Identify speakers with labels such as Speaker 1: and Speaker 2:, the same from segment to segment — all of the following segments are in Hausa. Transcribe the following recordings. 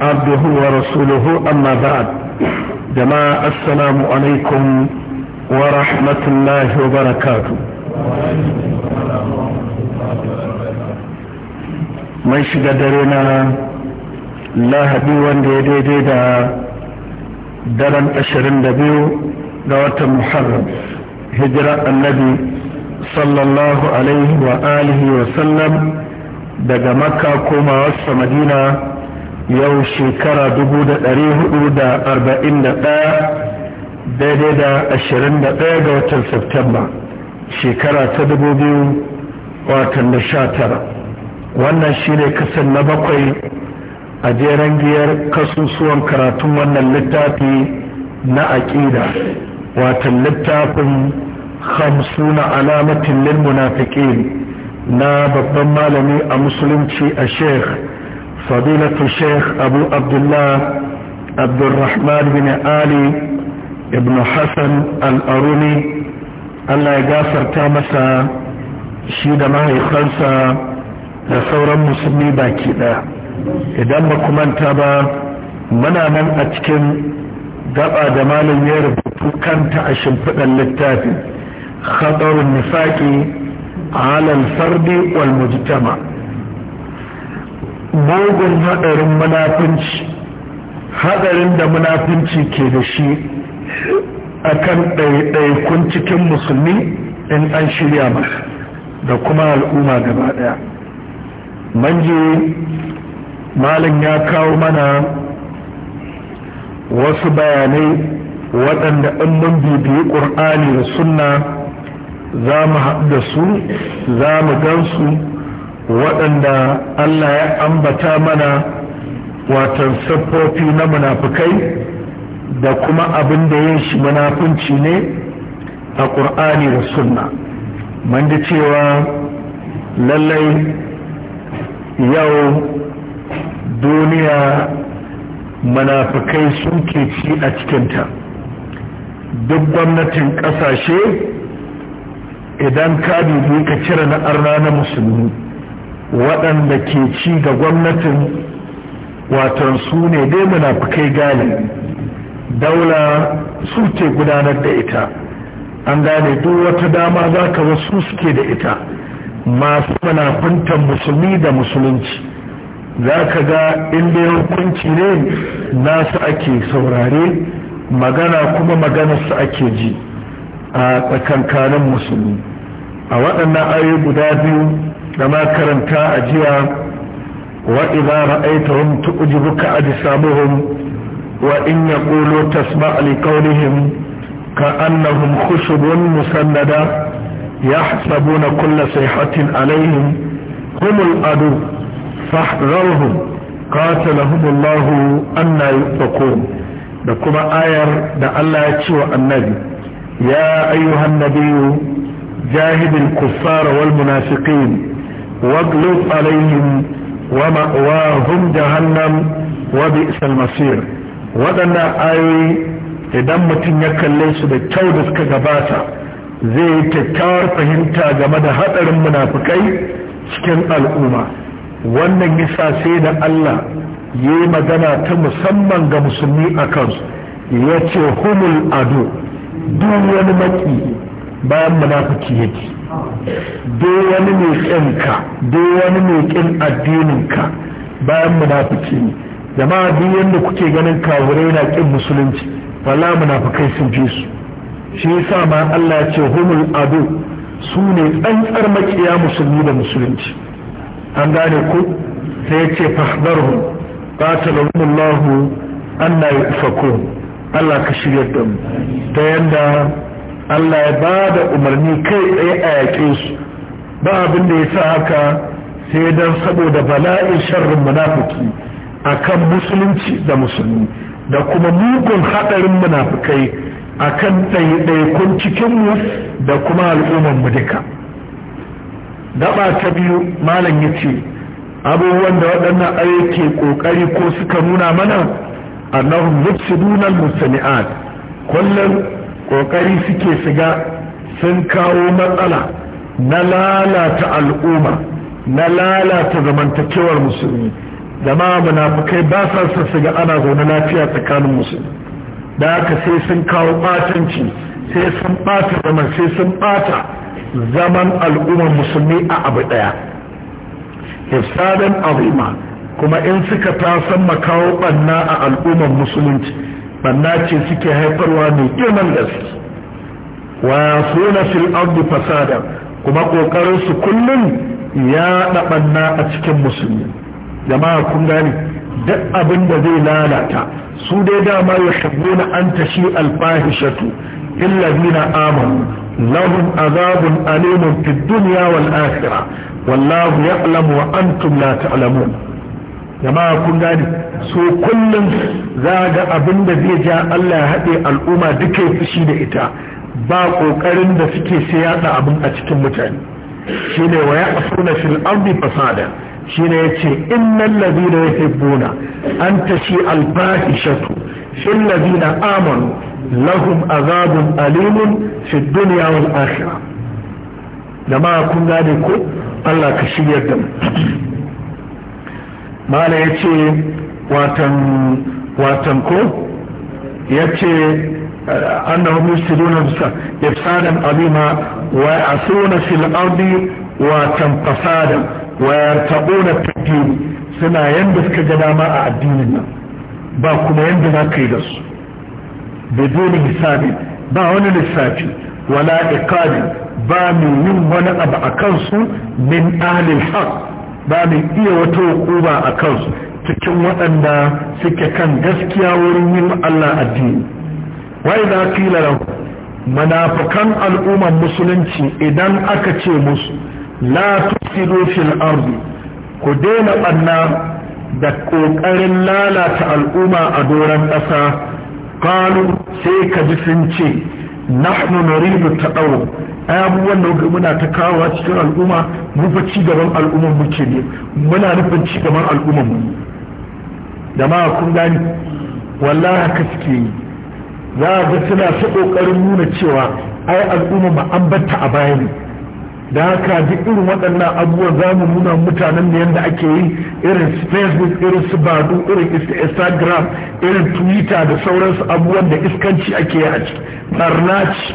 Speaker 1: عبده ورسوله أما بعد جماعة السلام عليكم ورحمة الله وبركاته من شقدرنا لا هديوا ديدي دا درن أشرين دبيو دوات محرم هجرة النبي صلى الله عليه وآله وسلم daga makka komawarsa madina yau shekara dubu da ɗari hudu da arba'in da ɗaya daidai da ashirin da ɗaya ga watan Septemba shekara ta dubu biyu watan da wannan shi ne kasan na bakwai a jeren giyar kasusuwan karatun wannan littafi na aƙida watan littafin hamsuna alamatin lil munafiqin na babban malami a musulunci a sheikh فضيلة الشيخ أبو عبد الله عبد الرحمن بن علي ابن حسن الأرومي الله يغفر تامسا شيد ما يخلصا لثورا مسلمي باكينا إذا ما كمانتا با منا من أتكن دقا دمال يربط كانت أشمفنا للتافي خطر النفاق على الفرد والمجتمع mugun haɗarin munafunci haɗarin da munafunci ke da shi a kan ɗaiɗaikun cikin musulmi in an shirya masa da kuma al'umma gaba ɗaya manje malin ya kawo mana wasu bayanai waɗanda in mun bibiyi ƙur'ani da sunna za mu haɗu da su za mu gan su waɗanda Allah ya ambata mana watan siffofi na munafukai da kuma abin da ya shi munafunci ne a ƙur'ani da sunna man cewa lallai yau duniya munafukai sun ke ci a cikinta duk gwamnatin ƙasashe idan ka dubi ka cire na arna na musulmi waɗanda ke ci ga gwamnatin watan su ne dai munafukai gane daula su ce gudanar da ita an gane duk wata dama za ka wasu suke da ita masu munafuntan musulmi da musulunci za ka ga inda hukunci ne nasu ake saurare magana kuma maganarsu ake ji a tsakankanin musulmi a waɗannan ayoyi guda biyu لما كرمتا أجيا وإذا رأيتهم تؤجبك أجسامهم وإن يقولوا تسمع لقولهم كأنهم خشب مسندة يحسبون كل صيحة عليهم هم الأدو فاحذرهم قاتلهم الله أن يؤفقون لكما آير دع الله يتشوى النبي يا أيها النبي جاهد الكفار والمنافقين واغلظ عليهم ومأواهم جهنم وبئس المصير ودنا ayoyi idan mutum ya kalle su da kyau da suka gabata zai yi kyakkyawar fahimta game da hadarin munafukai cikin al'umma wannan yasa sai da Allah ya yi magana ta musamman ga musulmi a kansu ya ce humul ado duk wani maki bayan munafuki yake duk wani mai ƙinka duk wani mai ƙin addininka bayan munafiki ne jama'a duk yadda kuke ganin kawurai na ƙin musulunci wala munafikai sun fi su shi yasa ma Allah ya ce humul adu su ne tsantsar makiya musulmi da musulunci an gane ku sai ce fahdarhum qatalahumullahu anna yufakun Allah ka shirya da mu ta yanda Allah ya ba da umarni kai tsaye a yaƙe su ba abin da ya sa haka sai don saboda bala'in sharrin munafiki kan musulunci da musulmi da kuma mugun haɗarin munafikai akan ɗaiɗaikun cikinmu da kuma al'ummanmu duka gaba ta biyu malam ya ce abubuwan da waɗannan ke ƙoƙari ko suka nuna mana annahum yufsiduna al kullum ƙoƙari suke shiga sun kawo matsala na lalata al'umma na lalata zamantakewar musulmi zama munafukai ba sa son shiga ana zaune lafiya tsakanin musulmi da haka sai sun kawo ɓatanci sai sun ɓata zaman sai sun ɓata zaman al'ummar musulmi a abu ɗaya ifsadan azima kuma in suka tasan makawo ɓanna a al'ummar musulunci banna ce suke haifarwa mai girman gaske wa suna fil ardi fasada kuma kokarin su kullum ya banna a cikin musulmi jama'a kun gane duk abin da zai lalata su dai dama ya shabbuna an tashi alfahishatu illazina amanu lahum azabun alimun fid dunya wal akhirah wallahu ya'lamu wa antum la ta'lamun jama'a kun gane so kullum za ga abin da zai ja Allah ya haɗe al'umma duka ya fushi da ita ba ƙoƙarin da suke sai yaɗa abin a cikin mutane shine wa ya'suna fil ardi fasada shine yace innal ladina buna an tashi al fahishatu fil ladina amanu lahum azabun alimun fid dunya wal akhirah jama'a kun gane ko Allah ka shiryar da mu mala ya ce watan ko ya ce annahum yufsiduna ifsadan alima wa yasuna fil ardi watan fasadan wa yartabuna fid suna yanda suka ga dama a addinin nan ba kuma yanda za ka yi da su bidon hisabi ba wani lissafi wala iqabi ba mai yin wani abu a kansu min ahlil haqq ba mai iya wata hukuma a kansu cikin waɗanda suke kan gaskiya wurin yin Allah addini wai za yi lalau? Manafukan al'ummar musulunci idan aka ce musu la tusidu fil ardi ku daina ɓanna da ƙoƙarin lalata al'umma a doron ƙasa falo sai ka ji sun ce nahnu nuridu ta ɗau ai abubuwan da muna ta kawo cikin al'umma mu fa ci gaban al'umman mu ke ne muna nufin ci gaban al'umman mu Da ma kun gani wallahi haka suke yi za a ga suna ta kokarin nuna cewa ai al'umma ma an batta a baya ne da haka duk irin waɗannan abubuwan za mu nuna mutanen da yadda ake yi irin facebook irin su badu irin instagram irin twitter da sauransu abubuwan da iskanci ake yi a ciki barnaci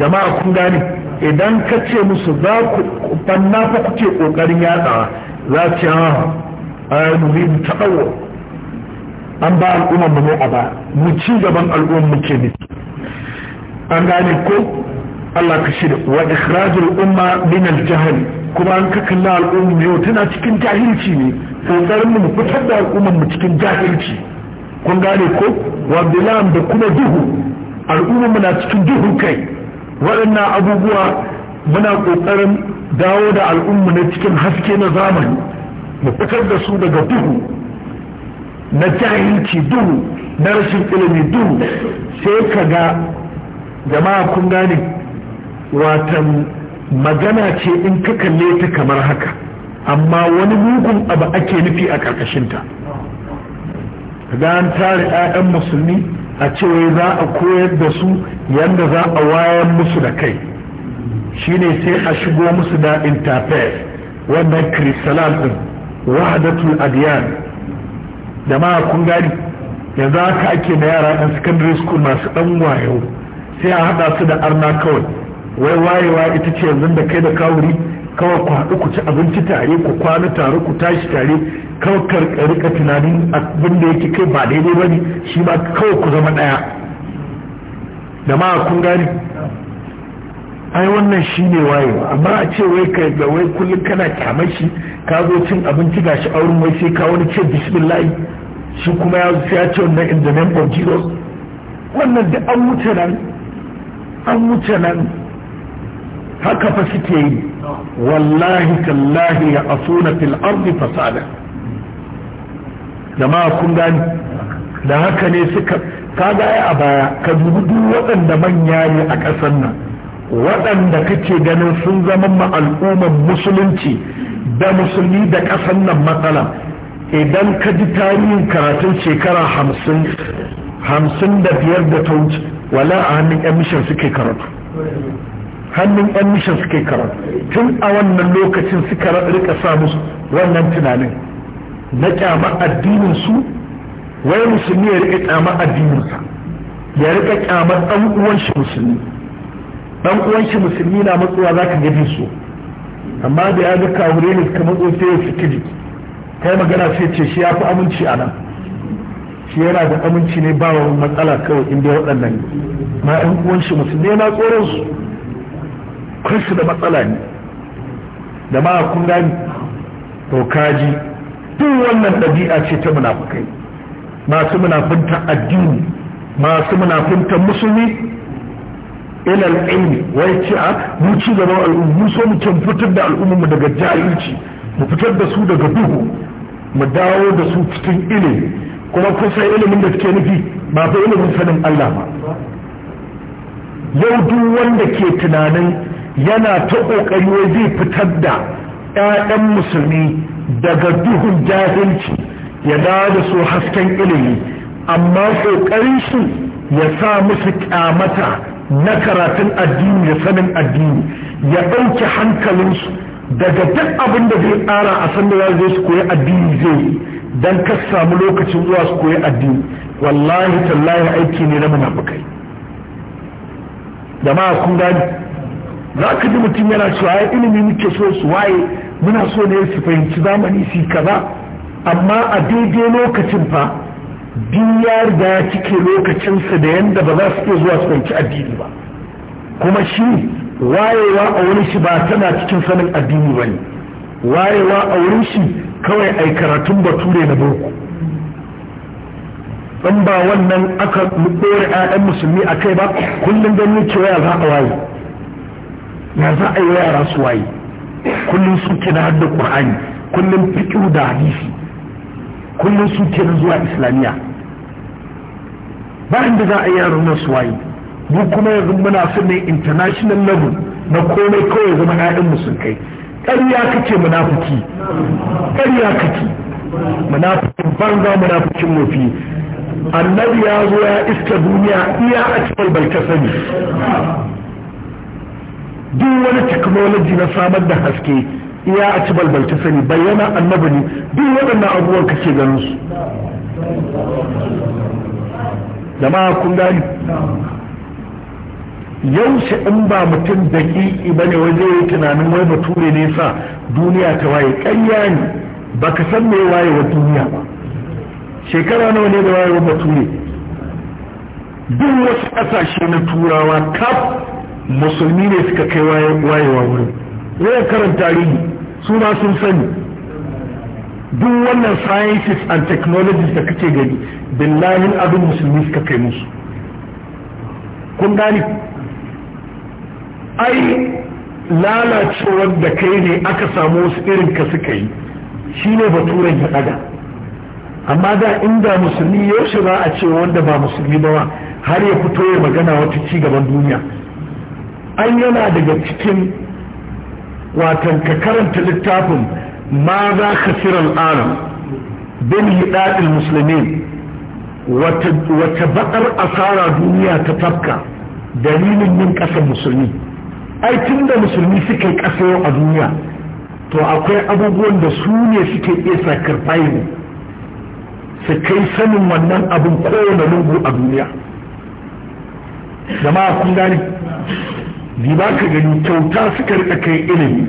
Speaker 1: jama'a kun gane idan ka ce musu za ku banna fa kuke kokarin yadawa za ce ha ah, ai nuridu taqawwa an ba al'ummar mu a ba mu ci gaban al'ummar mu ke bi an gane ko Allah ka shirya wa ikhrajul umma min al-jahl kuma an ka kalla al'umma yau tana cikin jahilci ne kokarin mu fitar da al'ummar mu cikin jahilci kun gane ko wa bilam da kuma duhu al'ummar mu na cikin duhu kai waɗannan abubuwa muna ƙoƙarin dawo da al'ummu na cikin haske na zamani mu fitar da su daga duhu na jahilci duhu na rashin ilimi duhu sai ka ga jama'a kun gane watan magana ce in ka kalle ta kamar haka amma wani mugun abu ake nufi a ƙarƙashinta ga an tare 'ya'yan musulmi a cewa za a koyar da su yadda za a wayar musu da kai shine sai a shigo musu da interface wannan kristalan din wahadatul adiyan ma kun gani yanzu haka ake na yara ɗan secondary school masu dan wayo sai a haɗa su da arna kawai wai wayewa ita ce yanzu da kai da kawuri kawai ku haɗu ku ci abinci tare ku kwana tare ku tashi tare kawkar karika tunanin abin da yake kai ba daidai ba ne shi ba kawai ku zama ɗaya da ma kun gani ai wannan shi ne wayo amma a ce wai kai ga wai kullum kana kyamar shi ka zo cin abinci gashi auren wai sai ka wani ce bismillah shi kuma ya zo ya ce wannan in the name of wannan da an wuce nan an wuce nan haka fa suke yi wallahi tallahi ya asuna fil ardi fasada jama'a kun gani da haka ne suka ka a baya ka dubi duk waɗanda manya ne a ƙasar nan waɗanda kake ganin sun zama ma musulunci da musulmi da ƙasar nan matsala idan ka ji tarihin karatun shekara hamsin hamsin da biyar da ta wuce wala a hannun yan mishan suke karatu hannun yan mishan suke karatu tun a wannan lokacin suka rika sa musu wannan tunanin na kyama addinin su wai musulmi ya rika kyama addininsa ya rika kyama dan uwan shi musulmi dan uwan shi musulmi na matsuwa zaka ga bin su amma da ya ga kawure ne suka matso sai ya fita jiki kai magana sai ce shi ya fi aminci a nan shi yana da aminci ne ba wa matsala kawai inda waɗannan ma 'yan uwan shi musulmi na tsoron su kansu da matsala ne da ma kun gani to kaji duk wannan ɗabi'a ce ta munafukai masu munafunta addini masu munafunta musulmi ilal ilmi wai ce a mu ci al'umma, mu so mu can fitar da al'ummu daga jahilci mu fitar da su daga duhu mu dawo da su cikin ilimi kuma kusan ilimin da suke nufi ba fa ilimin sanin Allah ba yau duk wanda ke tunanin yana ta kokari wai zai fitar da ƴaƴan musulmi daga duhun jahilci ya dawo da su hasken ilimi amma ƙoƙarin su ya sa musu ƙyamata na karatun addini da sanin addini ya ɗauki hankalinsu daga duk abin da zai tsara a san da zai su koyi addini zai don ka samu lokacin zuwa su koyi addini wallahi tallahi aiki ne na munafukai jama'a kun gani za ka ji mutum yana cewa ya ilimi muke so su waye muna so ne su fahimci zamani su kaza amma a daidai lokacin fa din ya riga ya cike lokacinsa da yanda ba za su iya zuwa su fahimci addini ba kuma shi wayewa a wurin shi ba tana cikin sanin addini ba ne wayewa a wurin shi kawai yi karatun bature na boko in ba wannan aka ɗore 'ya'yan musulmi a kai ba kullum don yake waya za a waye ya za a yi yara su waye kullum su kina da ƙur'ani kullum fiƙiru da hadisi kullum su kina zuwa islamiyya ba inda za a yi yaran na su waye mu kuma yanzu muna son ne international level na komai kawai zama ƴaƴan mu sun kai ƙarya kake munafiki ƙarya kake munafikin banza munafikin mafi annabi ya zo ya iska duniya iya a cikin bai ta sani duk wani technology na samar da haske iya a ci sani bayyana annabi ne duk waɗannan abubuwan kake ganin su jama'a kun gani yaushe in ba mutum daƙiƙi bane waje yi tunanin wai bature ne sa duniya ta waye ƙanya ne baka san me waye wa duniya ba shekara nawa ne da waye wa bature duk wasu ƙasashe na turawa kaf musulmi ne suka kai wayewa wurin wayan karin tarihi su ma sun sani duk wannan sciences and technologies da kake gani billahi abin musulmi suka kai musu kun gani ai lalacewar da kai ne aka samu wasu irin ka suka yi shi ne baturen ya daga amma da inda musulmi yaushe za a ce wanda ba musulmi ba har ya fito ya magana wata ci gaban duniya an yana daga cikin watan ka karanta littafin ma za ka siran alam bin musulmi wata baƙar asara duniya ta tafka dalilin yin ƙasar musulmi ai tun da musulmi suke yau a duniya to akwai abubuwan da su ne suke iya sakar su kai sanin wannan abin kowane lungu a duniya jama'a kun gani ba ka gani kyauta suka rika kai ilimi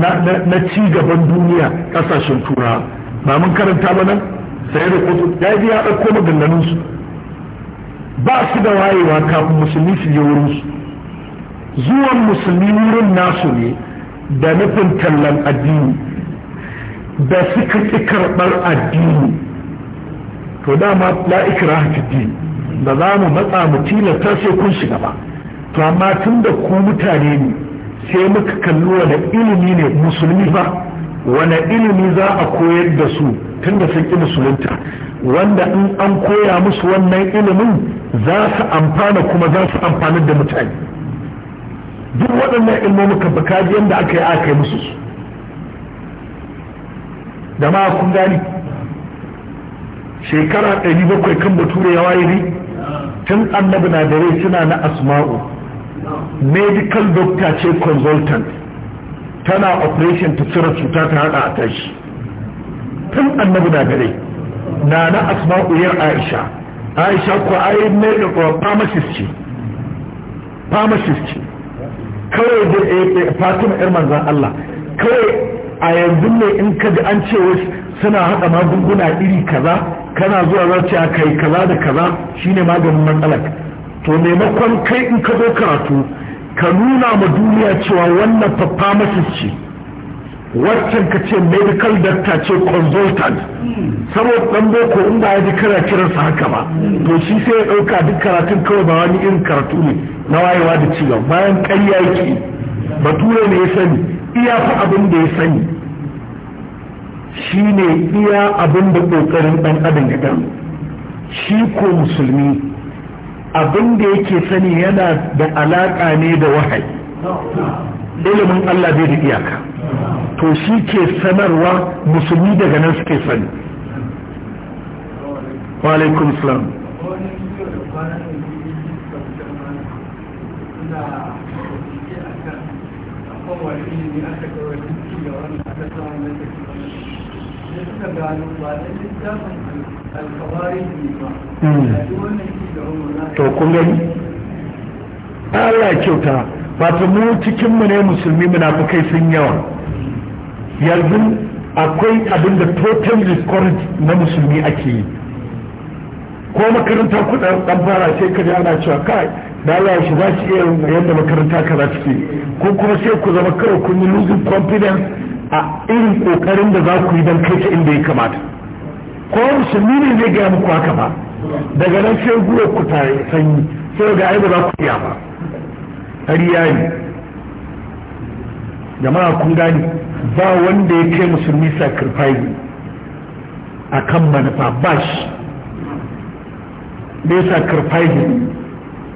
Speaker 1: na ci gaban duniya kasashen tura ba mun karanta ba nan sai da kotu ya yi ya ɗauko maganganun ba su da wayewa kafin musulmi su je wurin su zuwan musulmi wurin nasu ne da nufin tallan addini da suka ƙi karɓar addini to dama la'ikira ikraha da za mu matsa mu tilasta sai kun shiga ba to amma tun da ku mutane ne sai muka kalli wani ilimi ne musulmi ba wani ilimi za a koyar da su tun da sun ƙi musulunta wanda in an koya musu wannan ilimin za su amfana kuma za su amfanar da mutane duk waɗannan ilmomuka ba kaji yadda aka yi aka yi musu su da ma kun gani shekara 700 kan bature ya waye ne tun annabi na dare suna na asma'u medical doctor ce consultant tana operation ta cire cuta ta hada a tashi tun annabi na gare na na asma uyar aisha aisha ko da ko pharmacist ce pharmacist ce kawai da eh, eh, fatima yar manzan Allah kawai a yanzu ne in ka ji an ce wasu suna haɗa magunguna iri kaza kana zuwa za ce a kai kaza da kaza shine maganin matsalar to maimakon kai in ka zo karatu ka nuna ma duniya cewa wannan pharmacist ce waccan ka ce medical doctor ce consultant saboda dan boko in ba ya ji kana kiransa haka ba to shi sai ya dauka duk karatun kawai ba wani irin karatu ne na wayewa da ci bayan ƙarya yake bature ne ya sani iya fa abin da ya sani shine iya abin da kokarin dan adam ya shi ko musulmi abin da yake sani yana da alaƙa ne da wahayi ilimin Allah bai da iyaka to shi ke sanarwa musulmi daga nan suke sani
Speaker 2: wa alaikum salam to kun gani Allah kyauta
Speaker 1: wato mu cikin mu ne musulmi munafukai sun yawa yanzu akwai abin da total discourage na musulmi ake yi ko makaranta kudin dan fara sai kaje ana cewa kai da Allah shi za su iya yadda makaranta kaza take ko kuma sai ku zama kawai kun yi losing confidence a irin kokarin da za ku yi don kai ta inda ya kamata ko musulmi ne zai gaya muku haka ba daga nan sai guwa ku tare sanyi sai ga ai ba za ku iya ba har yayi jama'a kun gani ba wanda ya kai musulmi sacrifice a kan manufa ba shi ne sacrifice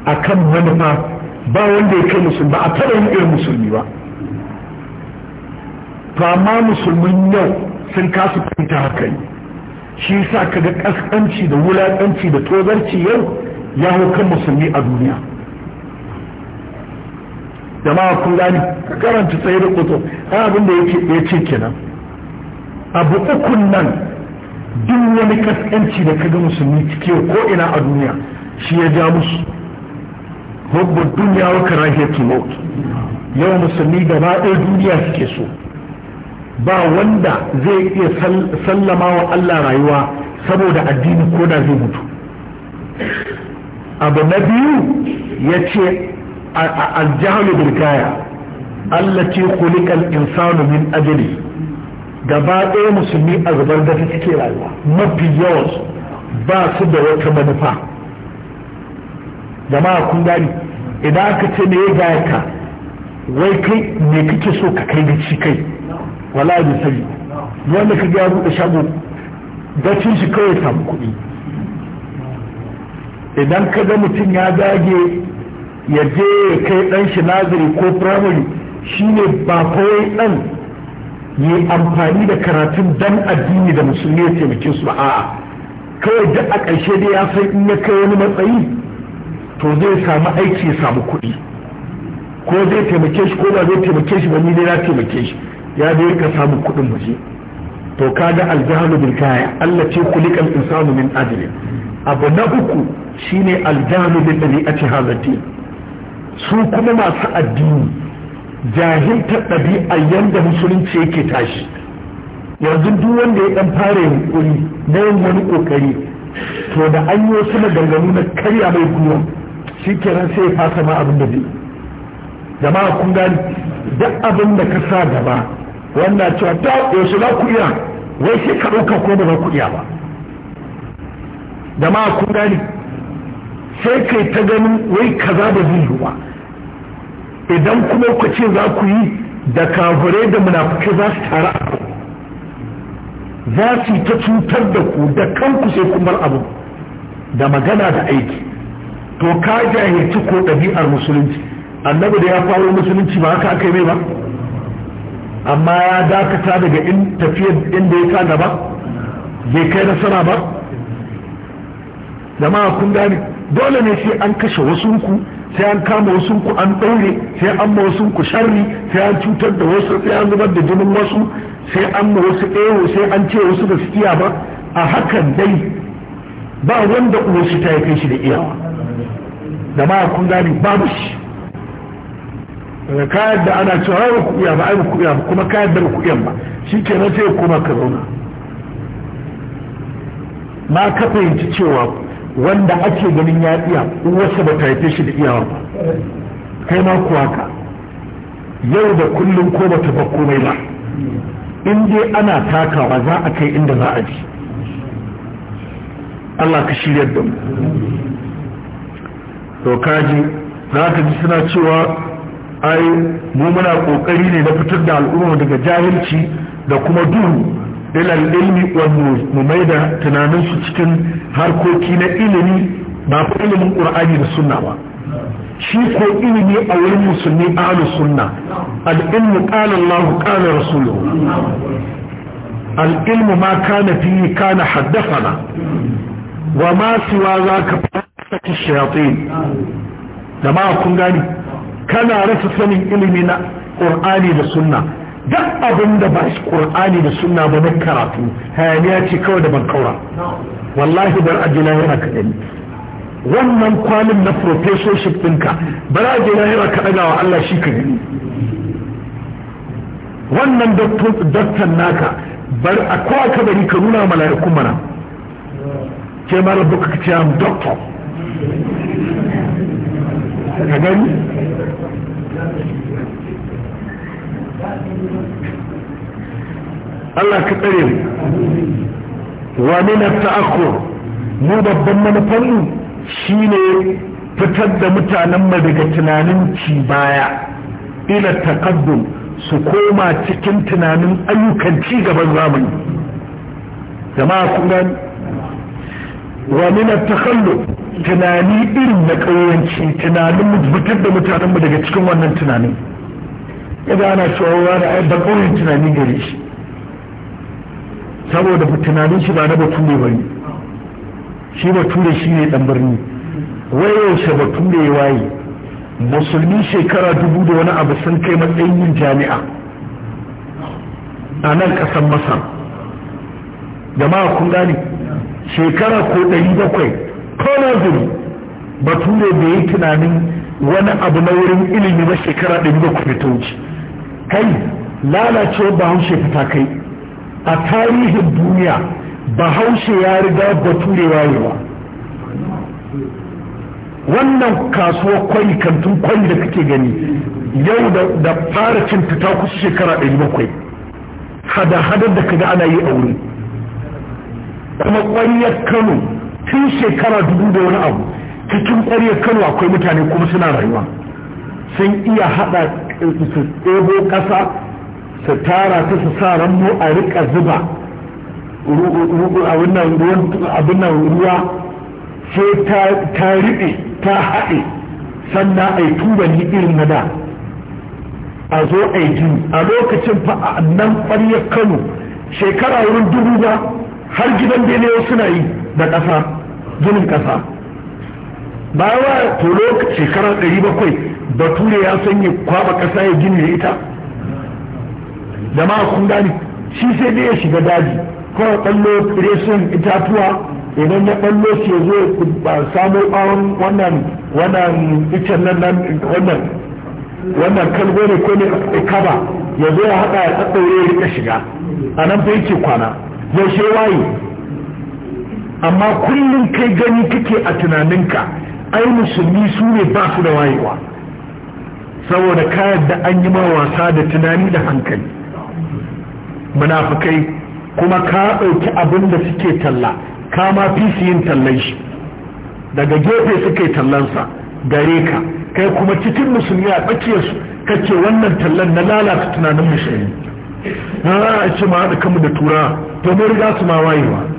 Speaker 1: a kan manufa ba wanda ya kai musulmi ba a taɓa yin irin musulmi ba to amma musulmin yau sun kasu fahimta haka yi shi sa ka ga ƙasƙanci da wulakanci da tozarci yau ya hau kan musulmi a duniya jama'a kun gani ka karanta tsaye da kuto abin da ya ce kenan abu ukun nan duk wani kaskanci da ka ga musulmi cike ko ina a duniya shi ya ja musu hukbar duniya wa karahiyar yau musulmi da ɗaya duniya suke so ba wanda zai iya sallama wa Allah rayuwa saboda addini ko da zai mutu abu na biyu ya ce aljihalu birkaya Allah ce kulikan insanu min ajali gaba ɗaya musulmi a zubar da ta cike rayuwa mafi yawan ba su da wata manufa jama'a kun gani idan aka ce me ya gaya ka wai kai me kake so ka kai da shi kai wala bi sani wanda ka gyaru buɗe shago gacin shi kawai samu kuɗi idan ka ga mutum ya dage ya je ya kai ɗan shi naziri ko firamare shi ne ba kawai ɗan yi amfani da karatun dan addini da musulmi ya taimake su ba a'a kawai da a ƙarshe da ya san in ya kai wani matsayi to zai samu aiki ya samu kuɗi ko zai taimake shi ko ba zai taimake shi ba ni dai na taimake shi ya je ka samu kuɗin waje to kaga aljahalu bil kaya Allah ce kulikal insanu min ajli abu na uku shine aljahalu bil dabi'ati hazati su kuma masu addini jahilta ɗabi'a yanda musulunci yake tashi yanzu duk wanda ya dan fara yunkuri na yin wani kokari to da an yi wasu maganganu na karya mai gwiwa shi kenan sai ya fasa ma abin da zai jama'a kun gani duk abin da ka sa gaba wannan cewa ta yaushe za ku iya wai sai ka ɗauka ko ba za ku iya ba da ma kun gani sai kai ta ganin wai kaza ba zai yi idan kuma ku ce za ku yi da kafirai da munafukai za su tara za su ta cutar da ku da kanku sai kun bar abu da magana da aiki to ka jahilci ko ɗabi'ar musulunci annabi da ya faro musulunci ba haka aka yi mai ba amma ya dakata daga in tafiyar inda ya sa ba. bai kai nasara ba da kun gane dole ne sai an kashe wasunku sai an kama wasunku an ɗaure sai an ma wasunku sharri sai an cutar da wasu sai an zubar da jinin wasu sai an ma wasu ɗewo sai an ce wasu da su iya ba a hakan dai ba wanda shi ta ya kai shi da iyawa jama'a kun gane babu shi daga kayan da ana cewa ba ku iya ba ai ba ku iya ba kuma kayan da ba ku iya ba shi ke na ce kuma ka zauna ma ka fahimci cewa wanda ake ganin ya iya wasu ba ta haife shi da iyawa ba kai ma kuwa ka yau da kullum ko ba ta ba komai ba in dai ana takawa za a kai inda za a ji Allah ka shirya da mu to kaji za ka ji suna cewa ai mu muna kokari ne na fitar da al'umma daga jahilci da kuma duhu ilal ilmi wa mu maida tunanin su cikin harkoki na ilimi ba fa ilimin qur'ani da sunna ba shi ko ilimi a wurin musulmi ahlus sunna al ilmu qala Allah qala rasuluhu al ilmu ma kana fihi kana haddathana wa ma siwa zaka fa shayatin jama'a kun gani kana rasa sanin ilimi na ƙur'ani da sunna duk abin da ba shi ƙur'ani da sunna ba na karatu hayaniya ce kawai da ban kaura wallahi bar aji lahira yana ɗani wannan kwalin na professorship ɗinka bar aji lahira yana ɗaga wa Allah shi ka gani wannan daktan naka bar a kowa ka bari ka nuna mala'iku mana ke mara buka ka ce am doctor
Speaker 2: ka gani
Speaker 1: Allah ka tsare mu wa min at mu babban manufar mu shine fitar da mutanen daga tunanin ci baya ila taqaddum su koma cikin tunanin ayyukan ci gaban zamani jama'a kun gani wa min tunani irin na ƙauyanci tunanin mu fitar da mutanenmu daga cikin wannan tunanin yadda ana cewa da ayyar da ƙauyen tunani gare shi saboda tunanin shi ba na bature ba ne shi bature shi ne ɗan birni wai yaushe bature ya waye musulmi shekara dubu da wani abu sun kai matsayin yin jami'a a nan ƙasar masar jama'a kun gane shekara ko ɗari bakwai ko naziri bature da yi tunanin wani abu na wurin ilimi ba shekara ɗari da ku wuce kai lalacewa bahaushe fita kai a tarihin duniya bahaushe ya riga bature wayewa wannan kasuwa kwai kantun kwai da kake gani yau da fara cin ta kusa shekara ɗari bakwai hada-hadar da kaga ana yi a aure kuma kwanyar kano tun shekara dubu da wani abu cikin ƙwaryar kano akwai mutane kuma suna rayuwa sun iya haɗa eh, su ɗebo ƙasa su tara ta su sa ranmu a riƙa zuba abin nan ruwa sai ta riɓe ta haɗe sannan a yi ni irin na da a zo a yi a lokacin fa a nan ƙwariyar kano shekara wurin dubu ba har gidan bene suna yi da ƙasa ginin ƙasa bayan tolo shekara 700 bature ya sanya kwaba ƙasa ya gini ita Da ma kun gani shi sai dai ya shiga daji kawai ɓallo resun itatuwa idan ya ɓallo shi ya zo ba samo ɓawon wannan wannan icen nan wannan wannan kalgo ne ko ne kaba ya zo ya haɗa ya ɗaɗɗaure ya rika shiga a nan fa yake kwana yaushe waye amma kullum kai gani kake a tunaninka ai musulmi su ne ba su da wayewa saboda kayan da an yi ma wasa da tunani da hankali munafukai kuma ka ɗauki abin da suke talla ka ma fi su yin tallan shi daga gefe suke tallansa gare ka kai kuma cikin musulmi a tsakiyarsu kake wannan tallan na lalata tunanin musulmi na a ce ma haɗa kanmu da tura to riga su ma wayewa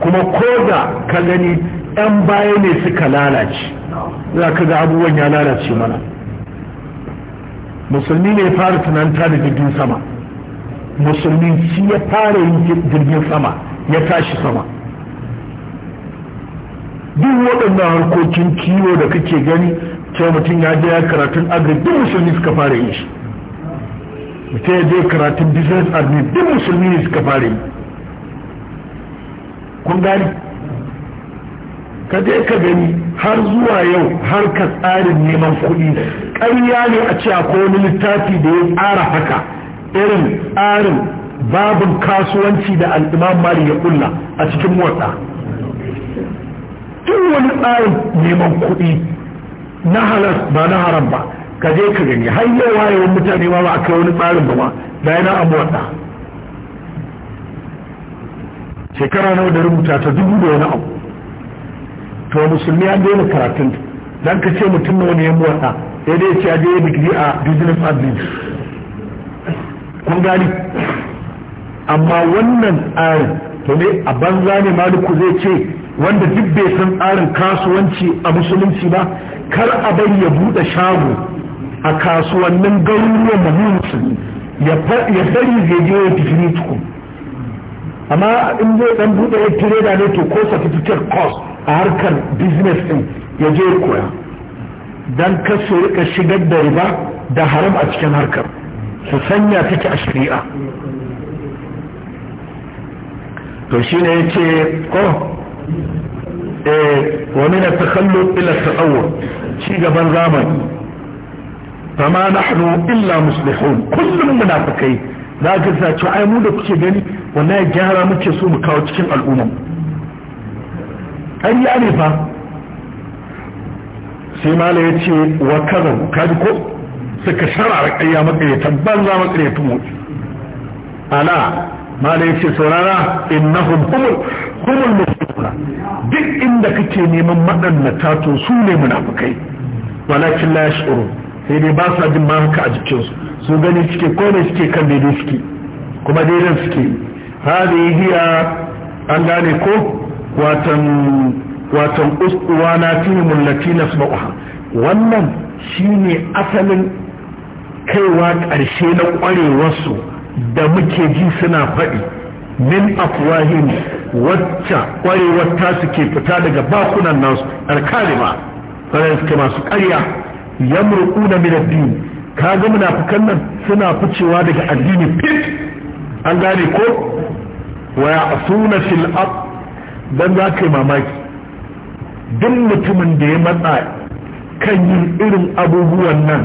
Speaker 1: kuma koga ka gani ɗan baya ne suka lalace za ka ga abubuwan ya lalace mana musulmi ne fara tunanta da jirgin sama musulmi shi ya fara yin jirgin sama ya tashi sama duk waɗannan harkokin kiwo da kake gani cewa mutum ya je ya karatun agri duk musulmi suka fara yi shi mutum ya je karatun business admin duk musulmi ne suka fara yi kun gani ka je ka gani har zuwa yau har ka tsarin neman kuɗi ƙarya ne a ce akwai wani littafi da ya tsara haka irin tsarin babin kasuwanci da al'imam mali ya kulla a cikin motsa duk wani tsarin neman kuɗi na halas ba na haram ba ka je ka gani har yau wayewar mutane ma ba a kai wani tsarin ba ma da yana a motsa shekara nawa da rubuta ta dubu da wani abu to musulmi an daina karatun dan ka ce mutum na wani yan wata ya dai ce aje ya digiri a business admin kun gani amma wannan tsarin to ne a banza ne maliku zai ce wanda duk bai san tsarin kasuwanci a musulunci ba kar a bari ya bude shago a kasuwannin garuruwan musulmi ya bari zai je ya digiri tukun amma in zai dan bude ya da ne to ko certificate course a harkar business din ya je koya dan ka so rika shigar da riba da haram a cikin harkar su sanya take a shari'a to shine yace ko oh, eh wa min at ila at shi gaban zamani fama nahnu illa muslihun kullum munafikai za ka sa ai mu da kuke gani ya gyara muke so mu kawo cikin al'umma ƙarya ne fa sai mala ya ce wa kaza kaji ko suka sharara ƙarya maƙaryatan banza maƙaryatan wuce. ala mala ya ce saurara innahum humul humul musulmuna duk inda kake neman na tato su ne munafukai walakin la yashuru sai dai ba sa jin ma haka a jikinsu su gani suke kone suke kan daidai suke kuma daidai suke hadi hiya an gane ko watan watan uswana fihimul lati nasma'uha wannan shine asalin kaiwa ƙarshe na ƙwarewarsu da muke ji suna faɗi min afwahim wacce ƙwarewar ta suke fita daga bakunan nasu alkalima ƙwarar suke masu ƙarya yamruku na minaddini kaga munafukan nan suna ficewa daga addini fit an gane ko waya asuna fil ab dan za ka yi mamaki duk mutumin da ya matsa kan yin irin abubuwan nan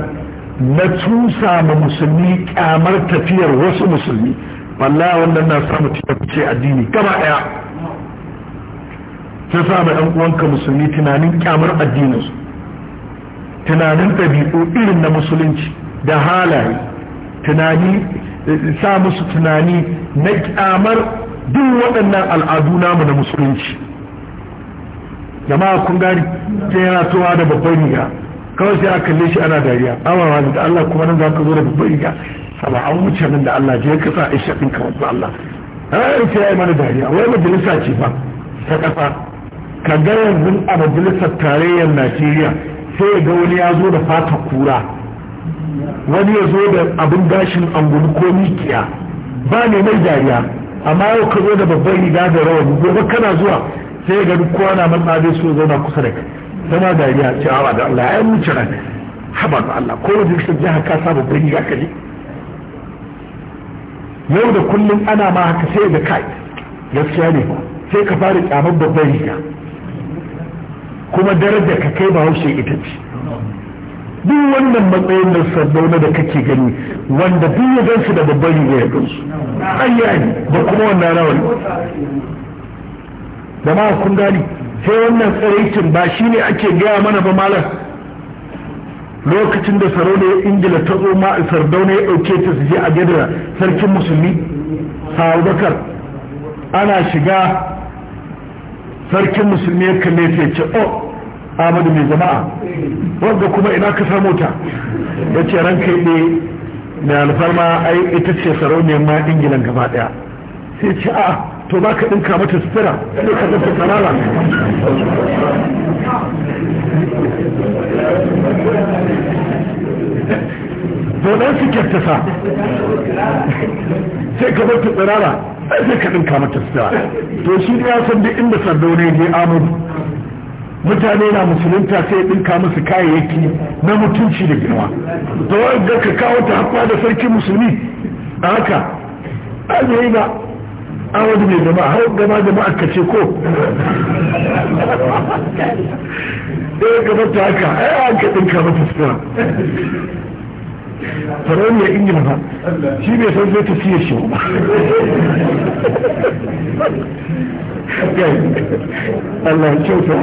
Speaker 1: na tusa ma musulmi kyamar tafiyar wasu musulmi wallahi wannan na samu tafiye addini gaba daya ta samu ɗan uwanka musulmi tunanin kyamar addininsu tunanin ɗabi'u irin na musulunci da halaye tunani sa musu tunani na kyamar duk waɗannan al'adu namu na musulunci jama'a kun gari ta yana towa da babban riga kawai sai aka kalle shi ana dariya amma da Allah kuma nan za ka zo da babban riga sama an wuce nan da Allah je ka sa aisha kamar wasu Allah ra'ayin sai ya yi mana dariya wai majalisa ce fa ta ƙasa ka ga yanzu a majalisar tarayyar Najeriya sai ga wani ya zo da fata kura wani ya zo da abin gashin angulu ko mikiya ba ne mai dariya amma yau ka zo da babban riga da rawar gobe kana zuwa sai ga duk kowa na matsa zai so zauna kusa da kai zama dariya ce awa da Allah ya cira ne haba da Allah ko da shi jiha ka sa babban riga ka ne yau da kullum ana ma haka sai da kai gaskiya ne sai ka fara kyamar babban riga kuma darajar ka kai ba haushe ita ce duk wannan matsayin da sardauna da kake gani wanda duk ya gan da babban riga ya gan ayyani da kuma wannan rawar da ma kun gani sai wannan tsaraicin ba shi ne ake gaya mana ba malam lokacin da sarauna ya ingila ta zo ma sardauna ya ɗauke ta su je a gadara sarkin musulmi sa'abakar ana shiga sarkin musulmi ya kalle ta ce oh amadu mai jama'a wanda kuma ina ka samu ta ya ce ran kai ne mai alfarma ai ita ce sarauniyar ma ingilan gaba daya sai ce a to ba ka ɗinka mata sutura sai ka zafi sarara zoɗan su sa sai ka bata tsirara sai ka dinka mata sutura to shi ya san duk inda sardaunai je amur mutane na musulunta sai ya dinka musu kayayyaki na mutunci da girma da wanda ka kawo ta haɓa da sarki musulmi a haka azai ba an wani mai jama'a har gama jama'a ka ce ko ɗaya eh, gaba ta haka ai an ka dinka mata sutura
Speaker 2: farawar ya ingila shi bai san zai shi Allah ya kyauta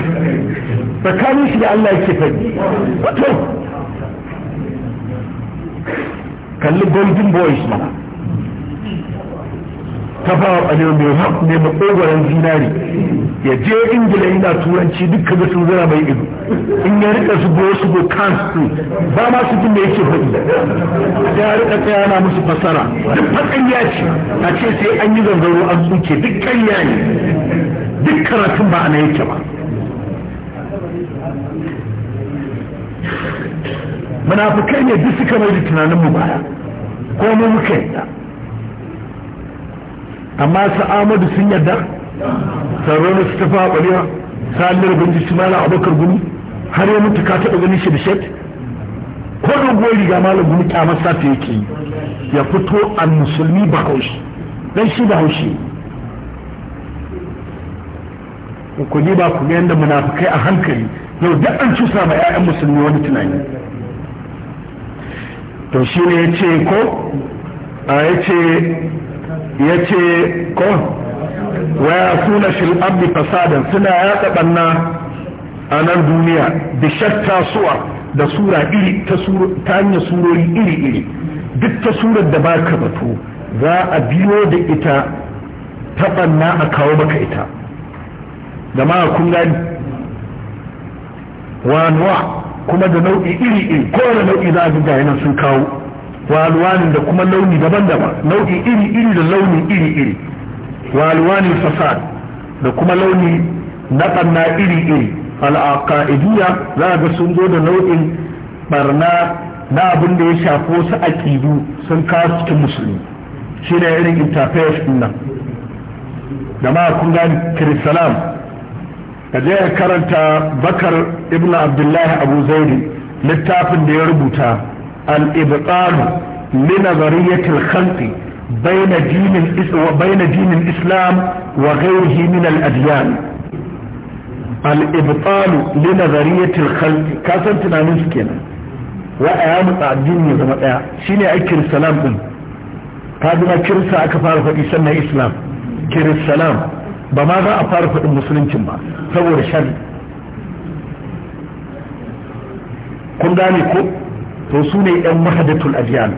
Speaker 2: tsakanin shi da Allah ke faɗi wato
Speaker 1: kalli golden boys ta fara ɓalewa mai makogoron zinari ya je ingila ina turanci duk kaga sun zira mai ido in ya rika su go su go kan su ba ma su jin da yake hudu ya rika tsaya na musu fasara duk fatsan ya ce a ce sai an yi zanzaro an tsuke duk ƙarya ne duk karatun ba ana yake ba
Speaker 2: munafukai ne duk suka mai da tunanin mu baya
Speaker 1: ko mu muka yadda amma su amadu sun yadda sarrona su tafa ƙwarewa sa'adar binci su mala abokar gumi har ya mutu ka taɓa gani shi da shek ko goyi riga malam gumi masa ta yake yi ya fito an musulmi ba haushi dan shi ba haushi ku ji ba ku ga yadda munafukai a hankali yau duk an cusa ma 'ya'yan musulmi wani tunani to shi ne ya ce ko a ya ce ya ce ko waya suna shil'abdi fasadin suna ya ɓanna a nan duniya da shatta suwa da sura iri ta hanyar surori iri-iri duk ta surar da ba ka bato za a biyo da ita ta ɓanna a kawo baka ita gama kun gani wanuwa kuma da nau'i iri-iri kowane nau'i za a ga yanar sun kawo wa alwanin da kuma launi daban-daban nau'i iri-iri da launi iri-iri wa alwanin da kuma launi na barna iri-iri al'aqaidiyya za ga sun zo da nau'in barna na abin da ya shafi wasu aƙidu sun kawo cikin musulmi shi ne irin interfaith din nan da ma kun gani kirisalam ka je karanta bakar ibn abdullahi abu zairi littafin da ya rubuta الإبطال لنظرية الخلق بين دين وبين دين الإسلام وغيره من الأديان الإبطال لنظرية الخلق كاسن تنانوس كنا وأيام الدين يزم شيني أي كرسلام أم كادنا كرسا أكفار فإسنا إسلام كرسلام بما ذا أفار فإمسلم كما فور شر كن داني كو to su ne yan mahadatul adiyan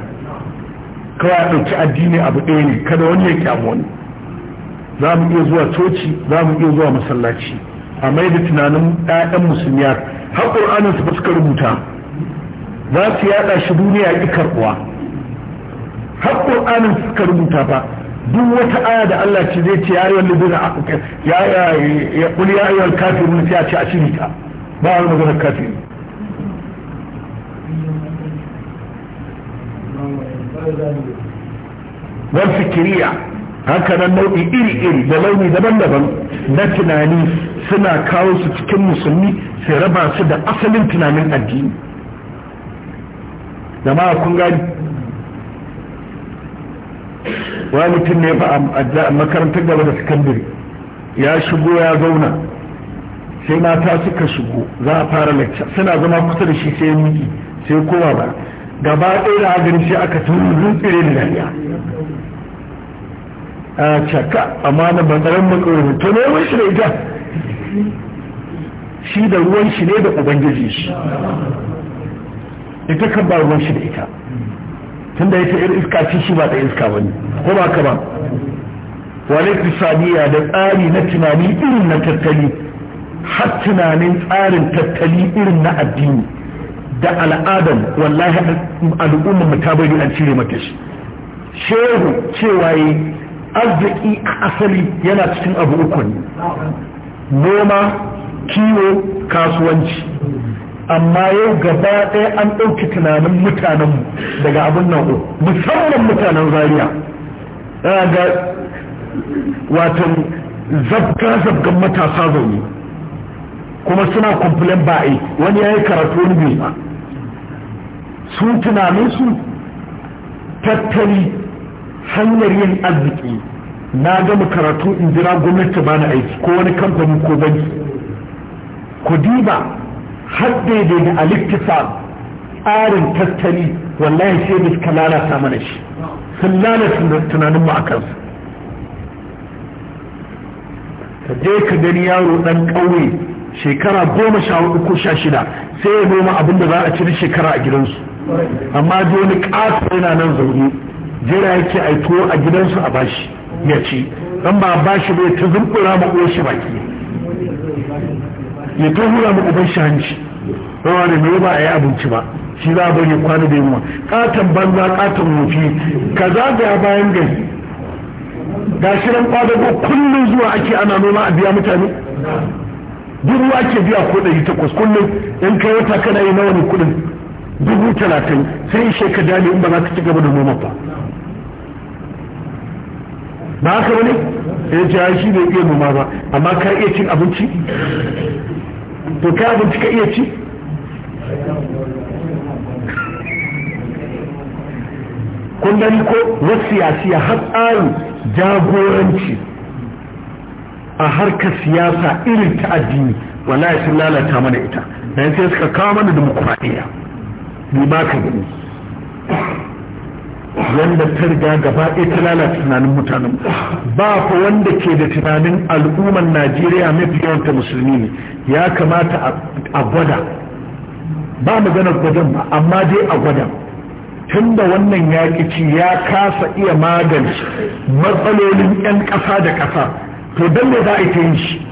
Speaker 1: kawai a ɗauki addini abu ɗaya ne kada wani ya kyamu wani za mu iya zuwa coci za mu iya zuwa masallaci a mai da tunanin ɗayan musulmiyar har ƙur'anin su suka rubuta za su yaɗa shi duniya ki karɓuwa har ƙur'anin su suka rubuta ba duk wata aya da Allah ce zai ce yayi wanda zai ya ya ya kuli ya ayyul kafirun sai a ce a cire ba wani maganar kafiri wal fikiriya haka nan nau'i iri-iri da launi daban-daban na tunani suna kawo su cikin musulmi sai raba su da asalin tunanin addini ma kun gani wani mutum ne ba a makarantar gaba da sakandare ya shigo ya zauna sai mata suka shigo za a fara lecture suna zama kusa da shi sai ya miki sai kowa ba gaba ɗaya da agari shi aka tuni zutsire da dariya a caka amma na bandaran makarai to ne wani shi da ita shi da ruwan shi ne da ubangiji shi ita kan ba ruwan shi da ita tun da ita iri iska ce shi ba da iska ba ne ko ba ka ba Wani kusaniya da tsari na tunani irin na tattali har tunanin tsarin tattali irin na addini da al'adar wallahi al'ummar mu ta bari an cire mata shi shehu cewa yi arziki a asali yana cikin abu uku ne noma kiwo kasuwanci amma yau gaba ɗaya an ɗauki tunanin mutanenmu daga abin nan musamman mutanen zaria ga watan zabga-zabgan matasa zaune kuma suna kumfulen ba'i wani ya yi karatu ne ba su tunaninsu tattali hanyar yin arziki na gama karatu in jira gwamnati ba na aiki ko wani kamfani ko banki ku diba har daidai da alifta tsarin tattali wallahi sai da suka lalata mana shi sun lalata tunanin a kansu ka je ka gani yaro ɗan ƙauye shekara goma sha hudu ko sha shida sai ya noma abin da za a cire shekara a gidansu amma ji wani ƙasa yana nan zaune jira yake aito a gidansu a bashi ya ci ɗan ba bashi bai ta zumbura ma uwar shi baki ya ta hura ma uban shi hanci rawa da mai ba a yi abinci ba shi za a bari kwana da yunwa ƙaton banza ƙaton wofi ka zagaya bayan gari ga shi nan ko kullum zuwa ake ana nuna a biya mutane duk ruwa ake biya ko ɗari takwas kullum in kai wata kana yi nawa ne kuɗin dubu talatin sai ka shekara in ba za ka ci gaba da noma ba ba haka wani ya ce shi bai iya noma ba amma ka iya cin abinci to ka abinci ka iya ci kun ko wasu siyasiya har tsarin jagoranci a harkar siyasa irin ta addini wallahi sun lalata mana ita dan sai suka kawo mana dimokuraɗiyya ni ba ka gani wanda ta riga gaba ɗaya ta lalata tunanin mutanen ba fa wanda ke da tunanin al'umman najeriya mafi yawanta musulmi ne ya kamata a gwada ba maganar gwadon ba amma dai a gwada tun da wannan yaƙici ya kasa iya magance matsalolin 'yan ƙasa da ƙasa to don me za a yi ta yin shi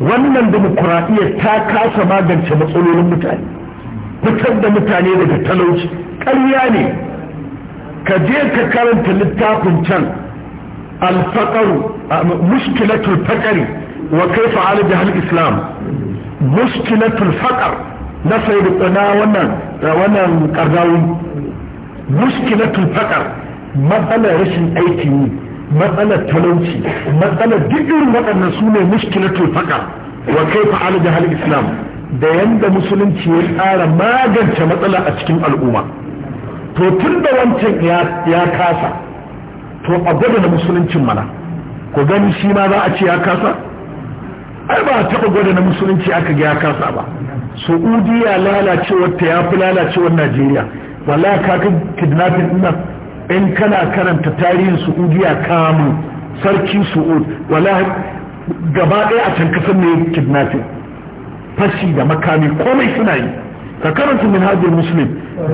Speaker 1: wannan demokuraɗiyya ta kasa magance matsalolin mutane fitar da mutane daga talauci ƙarya ne ka je ka karanta littafin can alfaƙaru mushkilatul faƙari wa kai alaja hal islam mushkilatul faƙar na sai na wannan wannan ƙarzawi mushkilatul faƙar matsalar rashin aikin yi matsalar talauci matsalar duk irin waɗannan su ne mushkilatul faƙar wa kaifa alaja hal islam da yanda musulunci ya tsara magance matsala a cikin al'umma to tun da wancan ya kasa to a gwada na musuluncin mana ku gani shi ma za a ce ya kasa ai ba a taɓa gwada na musulunci aka ga ya kasa ba saudiya lalacewar ta ya fi lalacewar najeriya wallahi kakan kidnapping in kana karanta tarihin saudiya kamun sarki su'ud wala gaba ɗaya a can kasar ne kidnapping fashi da makami komai suna yi ka karanta min hajjar muslim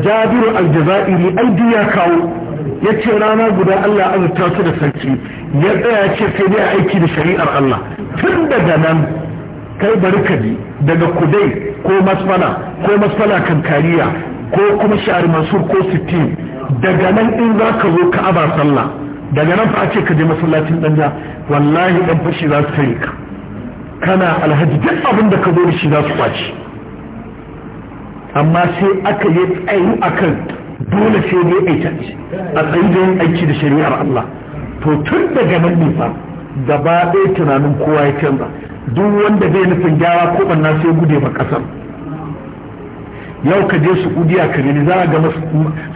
Speaker 1: jabiru aljazairi ai ya kawo ya ce rana guda allah azurta su da sarki ya tsaya ce sai dai aiki da shari'ar allah tun daga nan kai bari ka ji daga kudai ko masfala ko masfala kankariya ko kuma Shari mansur ko sittin daga nan in za ka zo aba sallah daga nan fa ce ka je masallacin danja wallahi dan fashi za su kai ka kana alhaji duk abin da ka zo da shi za su kwaci amma sai aka yi tsayi akan dole sai ne aita a tsayi da yin aiki da shari'ar Allah to tun daga nan ne fa gaba ɗaya tunanin kowa ya canza duk wanda zai nufin gyara ko banna sai gude ba kasar yau ka je su saudiya ka gani za a ga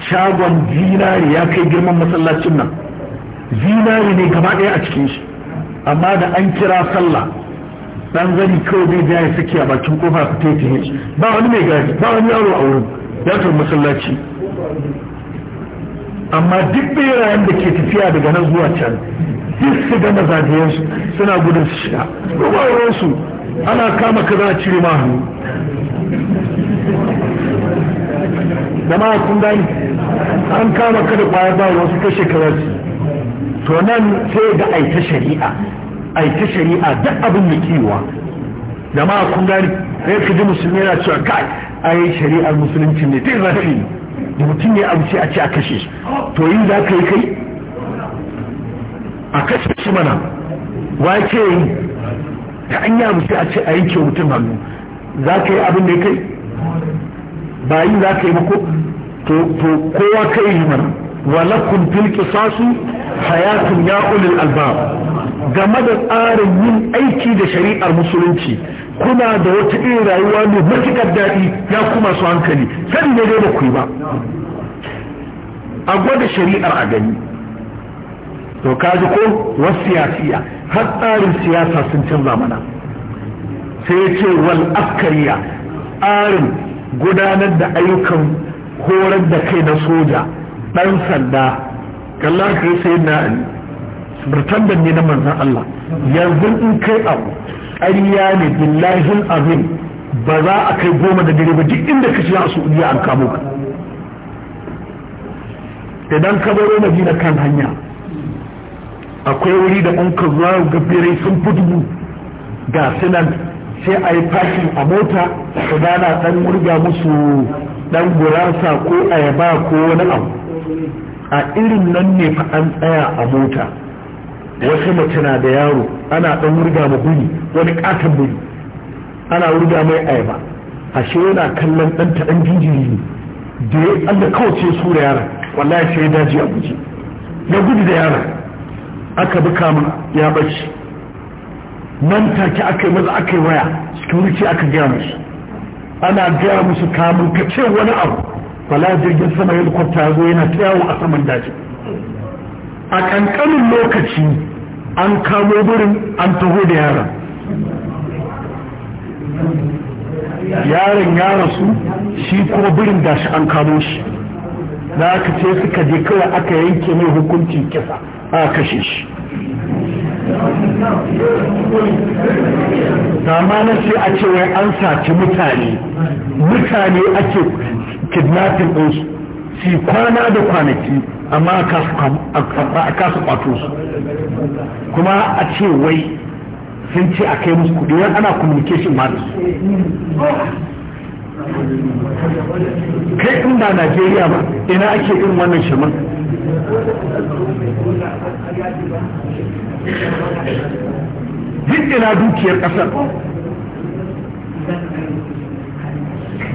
Speaker 1: shagon zinari ya kai girman masallacin nan zinari ne gaba ɗaya a cikin shi amma da an kira sallah dan zani kawai zai biya ya saki a bakin kofa ku ta yi ba wani mai gari ba wani yaro a wurin ya tur masallaci amma duk berayen da ke tafiya daga nan zuwa can duk su gama zagayensu suna gudun su shiga ruwan ana kama ka za a cire ma hannu jama'a kun gani an kama kada kwaya ba wasu kashe karar to nan sai da aita shari'a aita shari'a duk abin da kiwa ma kun gani sai ka ji musulmi yana cewa kai ai shari'ar musulunci ne ta zafi da mutum ne abu ce a ce a kashe shi
Speaker 2: to yin za ka yi kai
Speaker 1: a kashe shi mana wa ke yi ta an yi abu sai a ce a yi ke mutum hannu za ka yi abin da ya
Speaker 2: kai
Speaker 1: ba yi za ka yi muku to kowa ka yi mana walakun fil qisasu hayatun ya ulil albab game da tsarin yin aiki da shari'ar musulunci kuna da wata irin rayuwa mai matuƙar daɗi ya kuma su hankali sani ne dai ba ku yi ba a gwada shari'ar a gani to kaji ko wasu siyasiya har tsarin siyasa sun canza mana sai ya ce wal askariya tsarin gudanar da ayyukan horar da kai na soja ɗan sanda kallon kai sai na burtan da ne na manzan Allah yanzu in kai abu ƙarya ne billahin azim ba za a kai goma da dare ba duk inda ka shiga a Saudiya an kamo ka idan ka baro Madina kan hanya akwai wuri da an ka zuwa ga birai sun fudu ga sinan sai a yi fashin a mota su dana dan murga musu dan gurasa ko ayaba ko wani abu a irin nan ne fa an tsaya a mota wasu mace na da yaro ana dan murga ma guni wani katon guni ana wurga mai ayaba ashe yana kallon ɗanta ɗan jinjiri ne da ya Allah kawace su da yara wallahi sai ya daji a guje ya gudu da yara aka bi kamun ya ɓaci. nan take aka yi maza aka yi waya security aka gaya musu ana gaya musu kamun ka ce wani abu bala jirgin sama helikwafta ya zo yana ta yawo a saman daji a kankanin lokaci an kamo birin an taho da yaran yaron ya rasu shi kuma birin da shi an kamo shi da aka ce suka je kawai aka yanke mai hukuncin kisa a kashe shi
Speaker 2: zamanin sai a ce wai an saci
Speaker 1: mutane mutane ake kidnapping ɗinsu su kwana da kwanaki amma a kasu kwato su kuma a ce wai sun ce a kai musu kudi wani ana communication ma da su kai in ba najeriya ba ina ake irin wannan shirman duk ina dukiyar ƙasar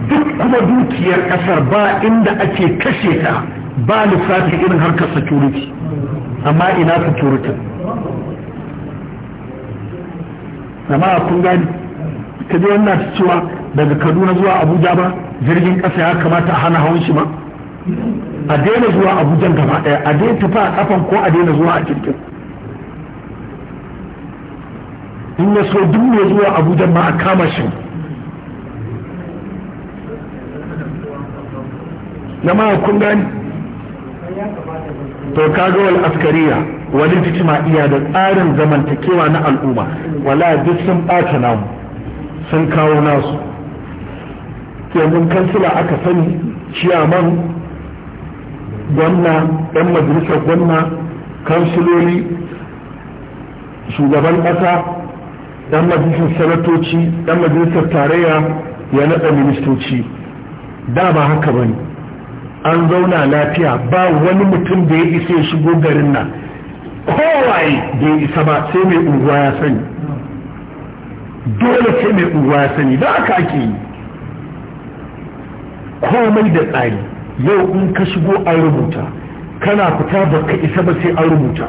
Speaker 1: duk kuma dukiyar ƙasar ba inda ake kashe ta ba lissafi irin harkar security amma ina security amma kun gani ka je wannan cewa daga kaduna zuwa abuja ba jirgin ƙasa ya kamata a hana hawan shi ma a daina zuwa abuja gaba ɗaya a daina tafi a kafan ko a daina zuwa a jirgin in ya so duk mai zuwa abuja ma a kama shi
Speaker 2: na ma kun gani to kaga wal askariya wal iya da tsarin zamantakewa na al'umma wala duk sun ɓata
Speaker 1: namu sun kawo nasu yanzu kansila aka sani ciyaman gwamna yan majalisar gwamna kansiloli shugaban ƙasa yan majalisar sanatoci ɗan majalisar tarayya ya naɗa ministoci da ba haka ba ne an zauna lafiya ba wani mutum da ya isa ya shigo garin nan kowaye da ya isa ba sai mai unguwa ya sani dole ce mai uwa sani da aka ake yi komai da tsari yau in ka shigo an rubuta kana fita ba ka isa ba sai an rubuta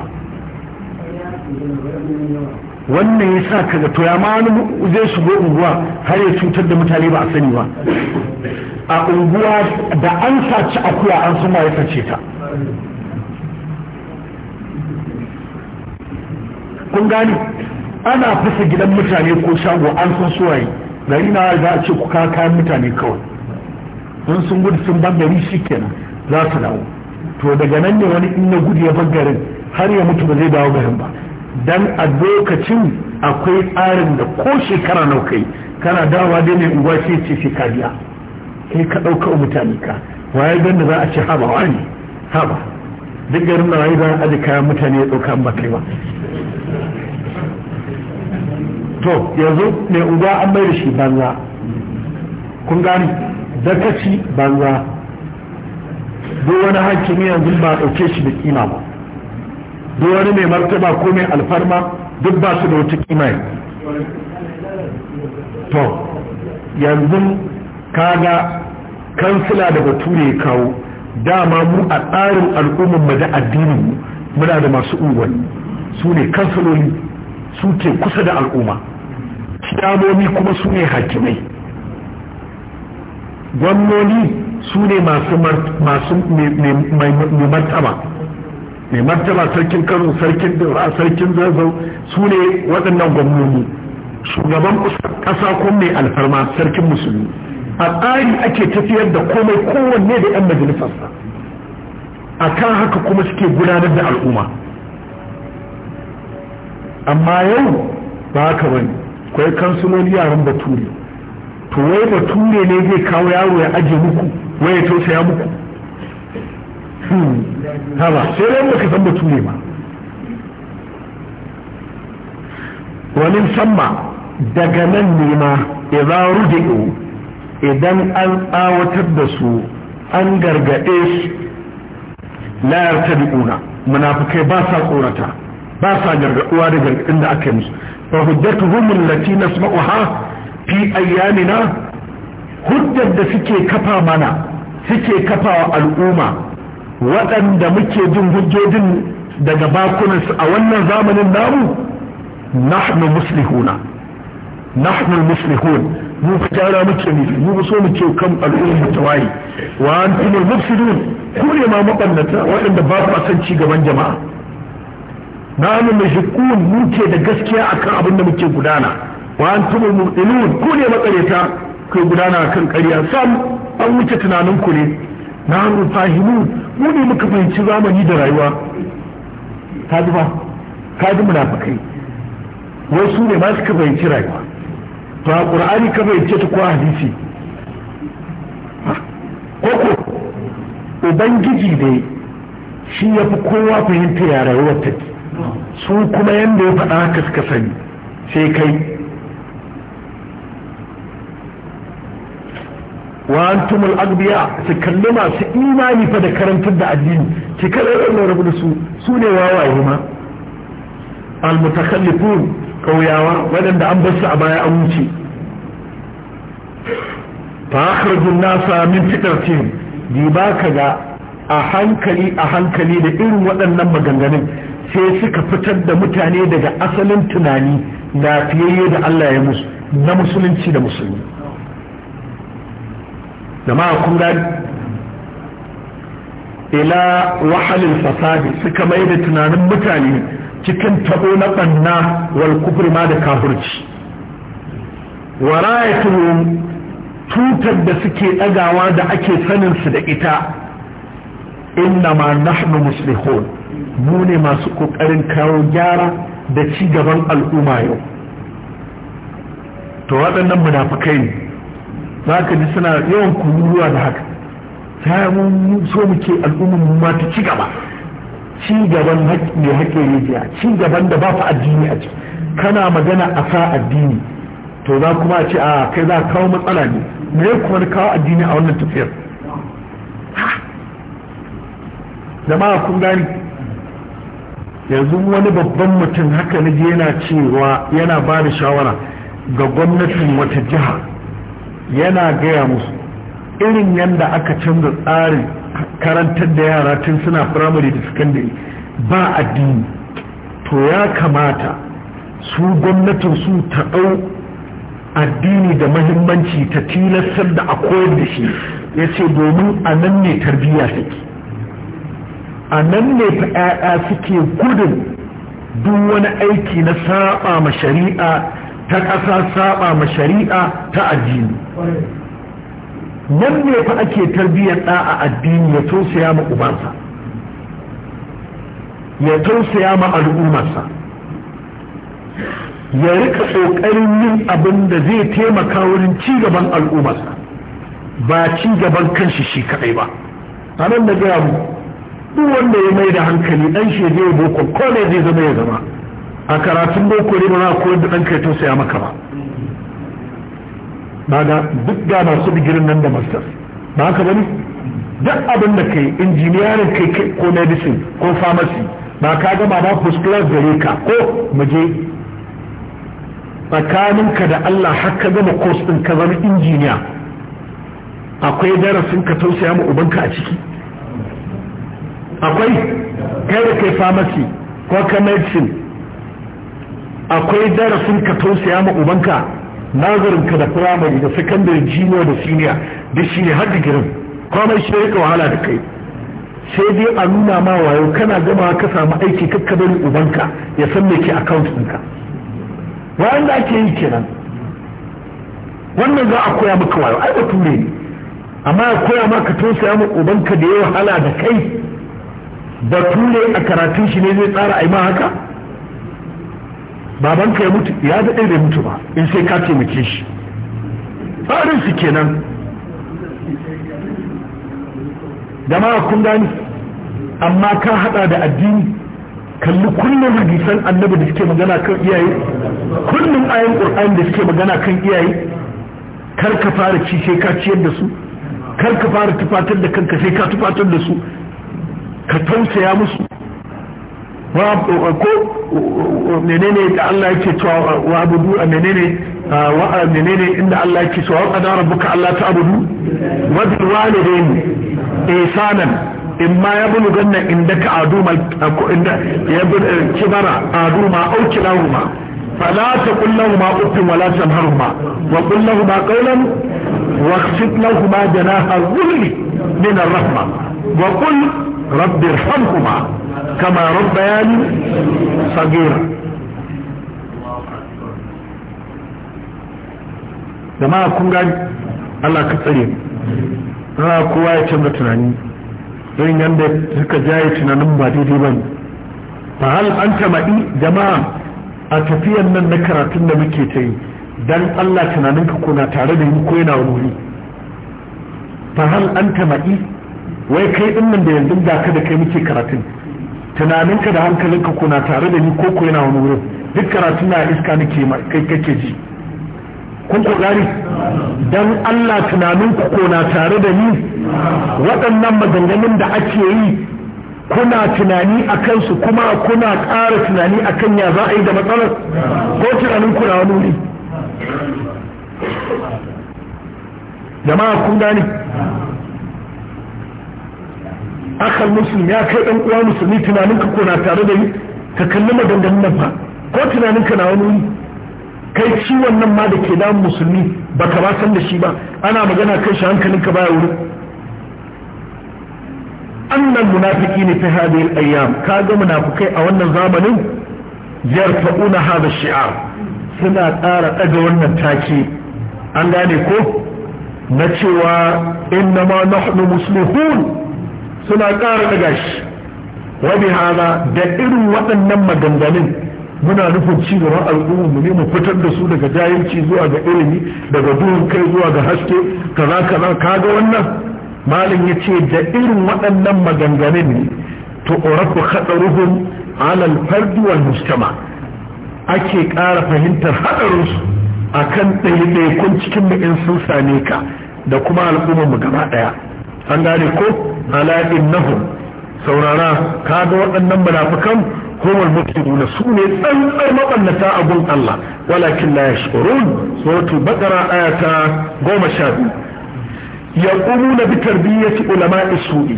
Speaker 1: wannan ya sa kaga to ya ma wani zai shigo unguwa har ya cutar da mutane ba a sani ba a unguwa da an saci akuya an suma ya sace ta kun gani ana fasa gidan mutane ko shago an san suwaye gari na za a ce ku kayan mutane kawai in sun gudu sun bangare shi kenan za su dawo to daga nan ne wani in ya gudu ya ban har ya mutu ba zai dawo garin ba dan a lokacin akwai tsarin da ko shekara nau kana dawa dai mai unguwa ce ce sai ka biya ka ɗauka mutane ka waye don da za a ce haba wani haba duk garin da waye za a aje kayan mutane ya ɗauka ba kai ba to yanzu mai unguwa an mai da shi banza kun gani ci banza duk wani hakimi yanzu ba ɗauke shi da kima ba duk wani mai martaba ko mai alfarma duk ba su da wata kima to yanzu kaga kansila da bature kawo dama mu a tsarin al'umman mu da addinin mu muna da masu unguwanni su ne kansiloli su ke kusa da al'umma damomi kuma su ne hakimai gwamnoni su ne masu mai martaba mai martaba sarkin kano sarkin daura sarkin zazzau su ne waɗannan gwamnoni shugaban ƙasa ko mai alfarma sarkin musulmi a tsari ake tafiyar da komai kowanne da 'yan majalisarsa a kan haka kuma suke gudanar da al'umma amma yau ba haka bane kwai kansuloli yaran bature to wai bature ne zai kawo yaro ya aje muku wai ya tausaya muku hmm. haba sai dai baka san bature ba wani samma daga nan ne ma idan rudi'u idan an awatar da su an gargaɗe su la yartabi'una munafikai ba sa tsorata ba sa gargaɗuwa da gargaɗin da aka yi musu فهجتهم التي نسمعها في أيامنا هجة سكي كفا منا سكي كفا الأمة وأن دمكي دم هجد دقباكنا أولنا زامن النار نحن مسلحون نحن المسلحون mu tara muke nufi mu so muke kan al'ummar tawayi wa antumul mufsidun ku ne ma mabannata waɗanda ba ku san ci gaban jama'a namu mai shukun muke da gaskiya akan abin da muke gudana wa an tubu mu'minun ku ne makareta ku gudana akan ƙarya sam an wuce tunanin ku ne namu fahimu mu ne muka fahimci zamani da rayuwa Ta ji ba ka ji munafikai wai su ne ma suka fahimci rayuwa to a qur'ani ka fahimce ta ko hadisi koko ubangiji ne shi ya fi kowa fahimta ya rayuwar take su kuma yadda ya faɗa haka suka sani sai kai wa antumul agbiya su kalli masu imani fa da karantar da addini ki kada ɗan da su su ne wawaye ma Al-muttakar mutakallifun kauyawa waɗanda an bar su a baya an wuce fa akhrajun nasa min fitratihim di ba ka ga a hankali a hankali da irin waɗannan maganganun sai suka fitar da mutane daga asalin tunani na fiye da Allah ya musu na musulunci da musulmi da ma kun ila wahalin fasadi suka mai da tunanin mutane cikin tabo na banna wal kufur ma da kafirci warayatuhum tutar da suke dagawa da ake sanin su da ita inna ma nahnu muslihun mu ne masu ƙoƙarin kawo gyara da ci gaban al'umma yau to waɗannan munafukai ne za ka ji suna yawan kururuwa da haka ta mun so muke al'ummar mu ma ta ci gaba ci gaban mai haƙe rijiya ci gaban da ba fa addini a ciki kana magana a sa addini to za kuma ce a kai za kawo matsala ne me ya kuma kawo addini a wannan tafiyar jama'a kun gani yanzu wani babban mutum haka na je yana cewa yana ba da shawara ga gwamnatin wata jiha yana gaya musu irin yadda aka canza tsarin karantar da yara tun suna firamare da sakandare ba addini to ya kamata su gwamnatin su ta ɗau addini da mahimmanci ta tilastar da a koyar da shi ya ce domin a nan ne tarbiyya take a nan ne fa 'ya'ya suke gudun duk wani aiki na saba ma shari'a ta ƙasa saba ma shari'a ta addini nan ne fa ake tarbiyyar ɗa a addini ya tausaya ma ubansa ya tausaya ma al'ummarsa ya rika ƙoƙarin yin abin da zai taimaka wurin cigaban al'ummarsa ba cigaban kanshi shi kaɗai ba a nan da gaya mu duk wanda ya mai da hankali dan shi ya boko ko ne zai zama ya zama a karatun boko ne ba za a koyar da sai ya tausaya maka ba daga ga duk ga masu digirin nan da masters ba haka bane duk abin da kai injiniyarin kai ko medicine ko pharmacy ba ka gama ba first class gare ka ko muje tsakaninka da Allah har ka gama course ɗin ka zama injiniya akwai darasin ka tausaya ma ubanka a ciki akwai kai da kai famasi ko ka medicine akwai darasin ka tausaya ma ubanka ka da firamare da sakandare jino da siniya da shi ne har girin komai shi ya wahala da kai sai dai a nuna ma wayo kana gama ka samu aiki kakka bari ubanka ya san me ke account ɗinka da ake yi kenan wannan za a koya maka wayo ai bature ne amma ya koya maka tausaya ma ubanka da ya wahala da kai bature a karatun shi ne zai tsara a ma haka babanka ya mutu ya daɗe da mutu ba in sai ka taimake shi tsarin su kenan jama'a kun gani amma ka hada da addini kalli kullum hadisan annabi da suke magana kan iyaye kullum ayan qur'ani da suke magana kan iyaye kar ka fara ci sai ka ciyar da su kar ka fara tufatar da kanka sai ka tufatar da su ka tausaya musu ko menene da Allah yake cewa wa abudu menene wa menene inda Allah yake cewa qada rabbuka Allah ta'budu wa bil walidain ihsanan imma yablughanna indaka aduma inda ya bulu kibara aduma au kilahuma فلا تقل لهما اف ولا تنهرهما وقل لهما قولا واخفض لهما جناح الظل من الرحمه وقل رب ارحمهما كما ربياني صغيرا jama'a kun gani ka tsare kowa ya canza tunani irin yadda suka jaye tunanin ba daidai ba ne jama'a a tafiyan nan na karatun da muke ta yi don Allah tunaninka kuna tare da ni ko yana wuri ta hal ta ma'i wai kai din nan da yanzu da da kai muke karatun tunaninka da hankalinka kuna tare da ni ko ko yana wani wurin duk karatun na iska nake kai kake ji kun kokari dan Allah tunaninku ko na tare da ni waɗannan maganganun da ake yi kuna tunani a kansu kuma kuna ƙara tunani a kan ya za a yi da matsalar ko tunanin kuna wani wuri jama'a kun gani akan musulmi ya kai ɗan uwa musulmi tunanin ka kuna tare da yi ka kalli maganganun nan ba ko tunanin ka na wani wuri kai ciwon nan ma da ke damun musulmi ba ka ba san da shi ba ana magana kai shi hankalinka baya wurin annal munafiqin fi hadhihi al-ayyam kaga munafikai a wannan zamanin na hadha shi'ar suna ƙara ɗaga wannan take an gane ko na cewa inna ma nahnu muslihun suna ƙara ɗaga shi wani hana da irin waɗannan maganganun muna nufin ci gaban mu ne mu fitar da su daga jahilci zuwa ga ilimi daga duhun kai zuwa ga haske kaza kaza kaga wannan malam ya ce da irin waɗannan maganganun to oraku haɗaruhun alal fardi mustama ake ƙara fahimtar haɗarinsu a kan ɗaiɗaikun cikin in sun same ka da kuma al'ummarmu gaba ɗaya an gane ko ala'in nahu saurara ka ga waɗannan munafukan humul mufsiduna su ne tsantsar a gun Allah walakin la yashkurun baƙara ɗaya ta goma sha biyu yaquluna bi tarbiyyati ulama'i su'i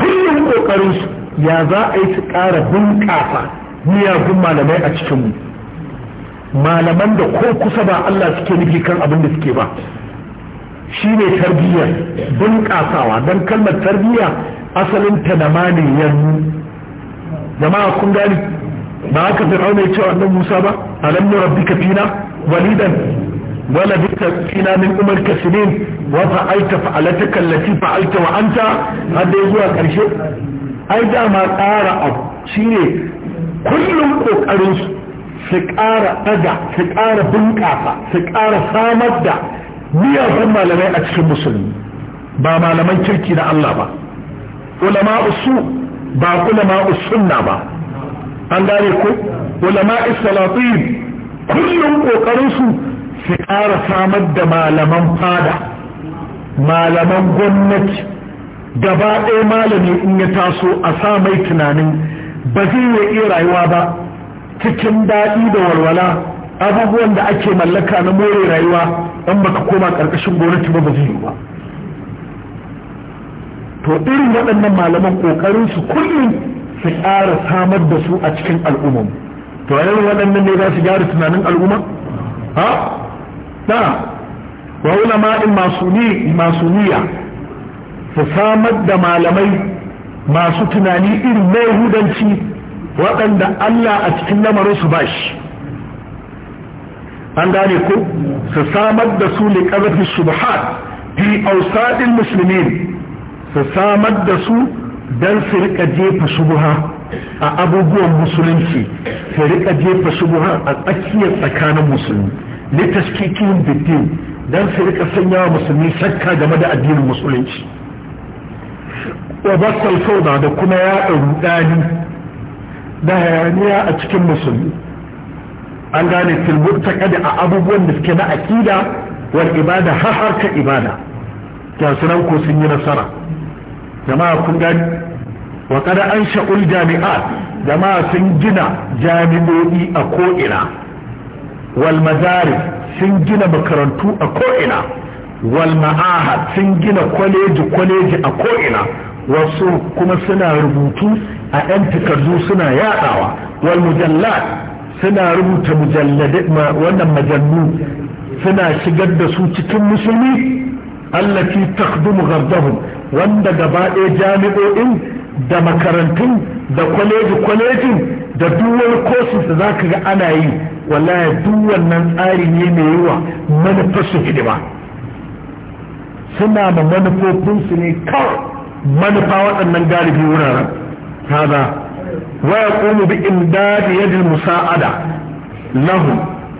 Speaker 1: kullum kokarin su ya za a yi su ƙara bunƙasa miyagun malamai a cikin mu. malaman da ko kusa ba Allah suke nufi kan abin da suke ba shi ne tarbiyyar bunƙasawa don kalmar tarbiyya asalinta ta da mani yanzu jama'a kun gani ba haka fir'auna ya ce annan musa ba alam nu rabbika fina walidan wala bika fina min umar kasinin wa fa'alta fa'alataka allati fa'alta wa anta har dai zuwa ƙarshe. ai dama ƙara abu shine kullum kokarin su ƙara daga su ƙara bunƙasa su ƙara samar da miyagun malamai a cikin musulmi ba malaman kirki na Allah ba ulama usu ba ulama usunna ba an ko kullum ƙoƙarinsu. su ƙara samar da malaman fada malaman gwamnati gaba ɗaya malami in ya taso a sa mai tunanin ba zai iya rayuwa ba cikin daɗi da walwala abubuwan da ake mallaka na more rayuwa in baka koma ƙarƙashin gwamnati ba ba zai yi ba to irin waɗannan malaman ƙoƙarin su kullum su ƙara samar da su a cikin al'umma to irin waɗannan ne za su gyara tunanin al'umma ha da wa ulama'in masuniya su samar da malamai masu tunani irin na waɗanda Allah a cikin lamarin su bashi an gane ko su samar da su ne ƙarfi subhat fi ausadin musulmin su samar da su don su rika jefa shubuha a abubuwan musulunci su rika jefa shubuha a tsakiyar tsakanin musulmi litaskikihim biddin dan su rika sanya wa musulmi shakka game da addinin musulunci wa basal da kuma ya rudani da hayaniya a cikin musulmi an gane tilbur ta kada a abubuwan da suke na aƙida wal ibada har harka ibada ga sunan ko sun yi nasara jama'a kun gani wa kada an sha'ul jami'a jama'a sun gina jami'o'i a ko'ina wal mazari sun gina makarantu a ko'ina wal sun gina kwaleji kwaleji a ko'ina wasu kuma suna rubutu a 'yan takardu suna yadawa Walmujalla suna rubuta wannan majallu suna shigar da su cikin musulmi allafi takhdumu ghardahum wanda gaba ɗaya jami'o'in da makarantun da kwaleji kwalejin da duwar kosis da za ka ga ana yi wallahi duk wannan tsari ne mai yawa manufarsu hidima suna da manufofinsu ne kawai manufa waɗannan galibi wuraren haza wa ya ƙunu bi imdadi yadda musa'ada lahu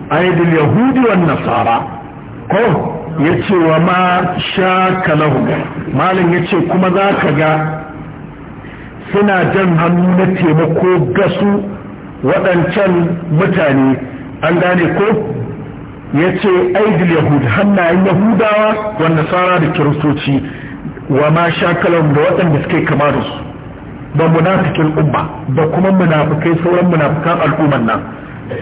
Speaker 1: aidil yahudi wa nasara ko ya ce wa ma sha ka lahu malam ya ce kuma za ka ga suna jan hannu na taimako ga su waɗancan mutane an gane ko ya ce aidil yahud hannayen yahudawa wanda nasara da kiristoci wa ma shakalan da waɗanda suke kama da su da munafikin umma ba kuma munafikai sauran munafikan al'umman nan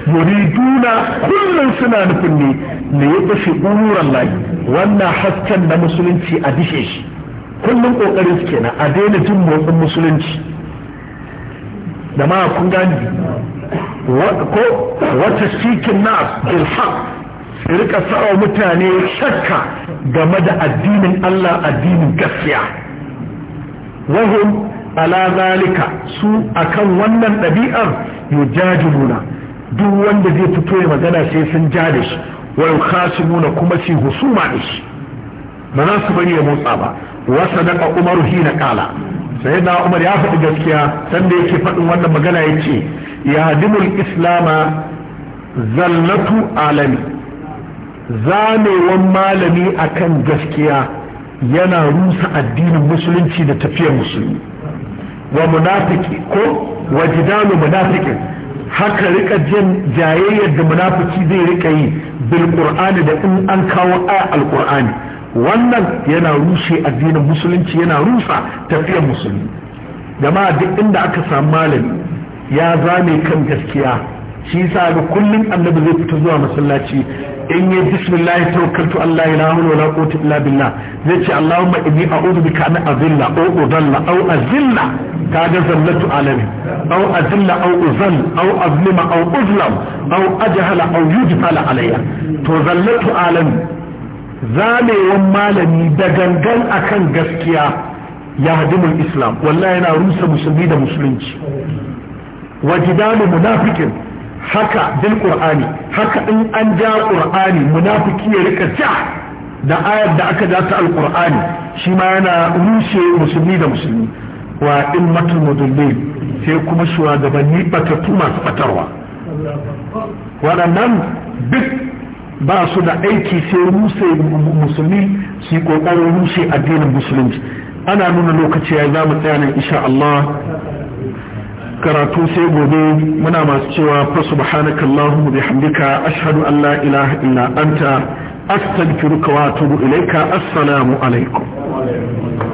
Speaker 1: duna kullum suna nufin ne ne ya ɗafi ɓururan layi wannan hasken na musulunci a dishe shi kullum kokarin su kenan a daina jin motsin musulunci da ma kun gani ko wata sikin na bil su rika sawa mutane shakka game da addinin Allah addinin gaskiya wahum ala zalika su akan wannan ɗabi'ar nuna duk wanda zai fito ya magana sai sun ja da shi wa yukhasimuna kuma su husuma da shi ba za su bari ya motsa ba wa sadaqa umar hina sai da umar ya faɗi gaskiya sanda yake faɗin wannan magana yace ya dimul islama zallatu alami zamewan malami akan gaskiya yana rusa addinin musulunci da tafiyar musulmi wa munafiki ko wa jidalu munafikin haka rika jin jayayyar da munafiki zai rika yi bil qur'ani da in an kawo ayat al wannan yana rushe addinin musulunci yana rusa tafiyar musulmi gama duk inda aka samu malami ya zame kan gaskiya shi sa ga kullum annabi zai fita zuwa masallaci in yi bismillah tawakkaltu Allah la hawla wala quwwata illa billah zai ce Allahumma inni a'udhu bika an azilla aw udalla aw azilla ta ga zallatu alami aw azilla aw uzal aw azlima aw uzlam aw ajhala aw yujfala alayya to zallatu alami zamewan malami da gangan akan gaskiya ya hadimul islam wallahi yana rusa musulmi da musulunci wajidalu munafikin haka bil qur'ani haka in an ja qur'ani munafiki ya rika ja da ayar da aka ja ta alqur'ani shi ma yana rushe musulmi da musulmi wa in matul mudullin sai kuma shugabanni batatu masu batarwa waɗannan duk ba su da aiki sai rushe musulmi su yi kokarin rushe addinin musulunci ana nuna lokaci ya za mu tsaya nan insha Allah karatu sai gobe muna masu cewa fa subhanaka allahumma bihamdika ashhadu an la ilaha illa anta astaghfiruka wa atubu ilaika assalamu
Speaker 2: alaikum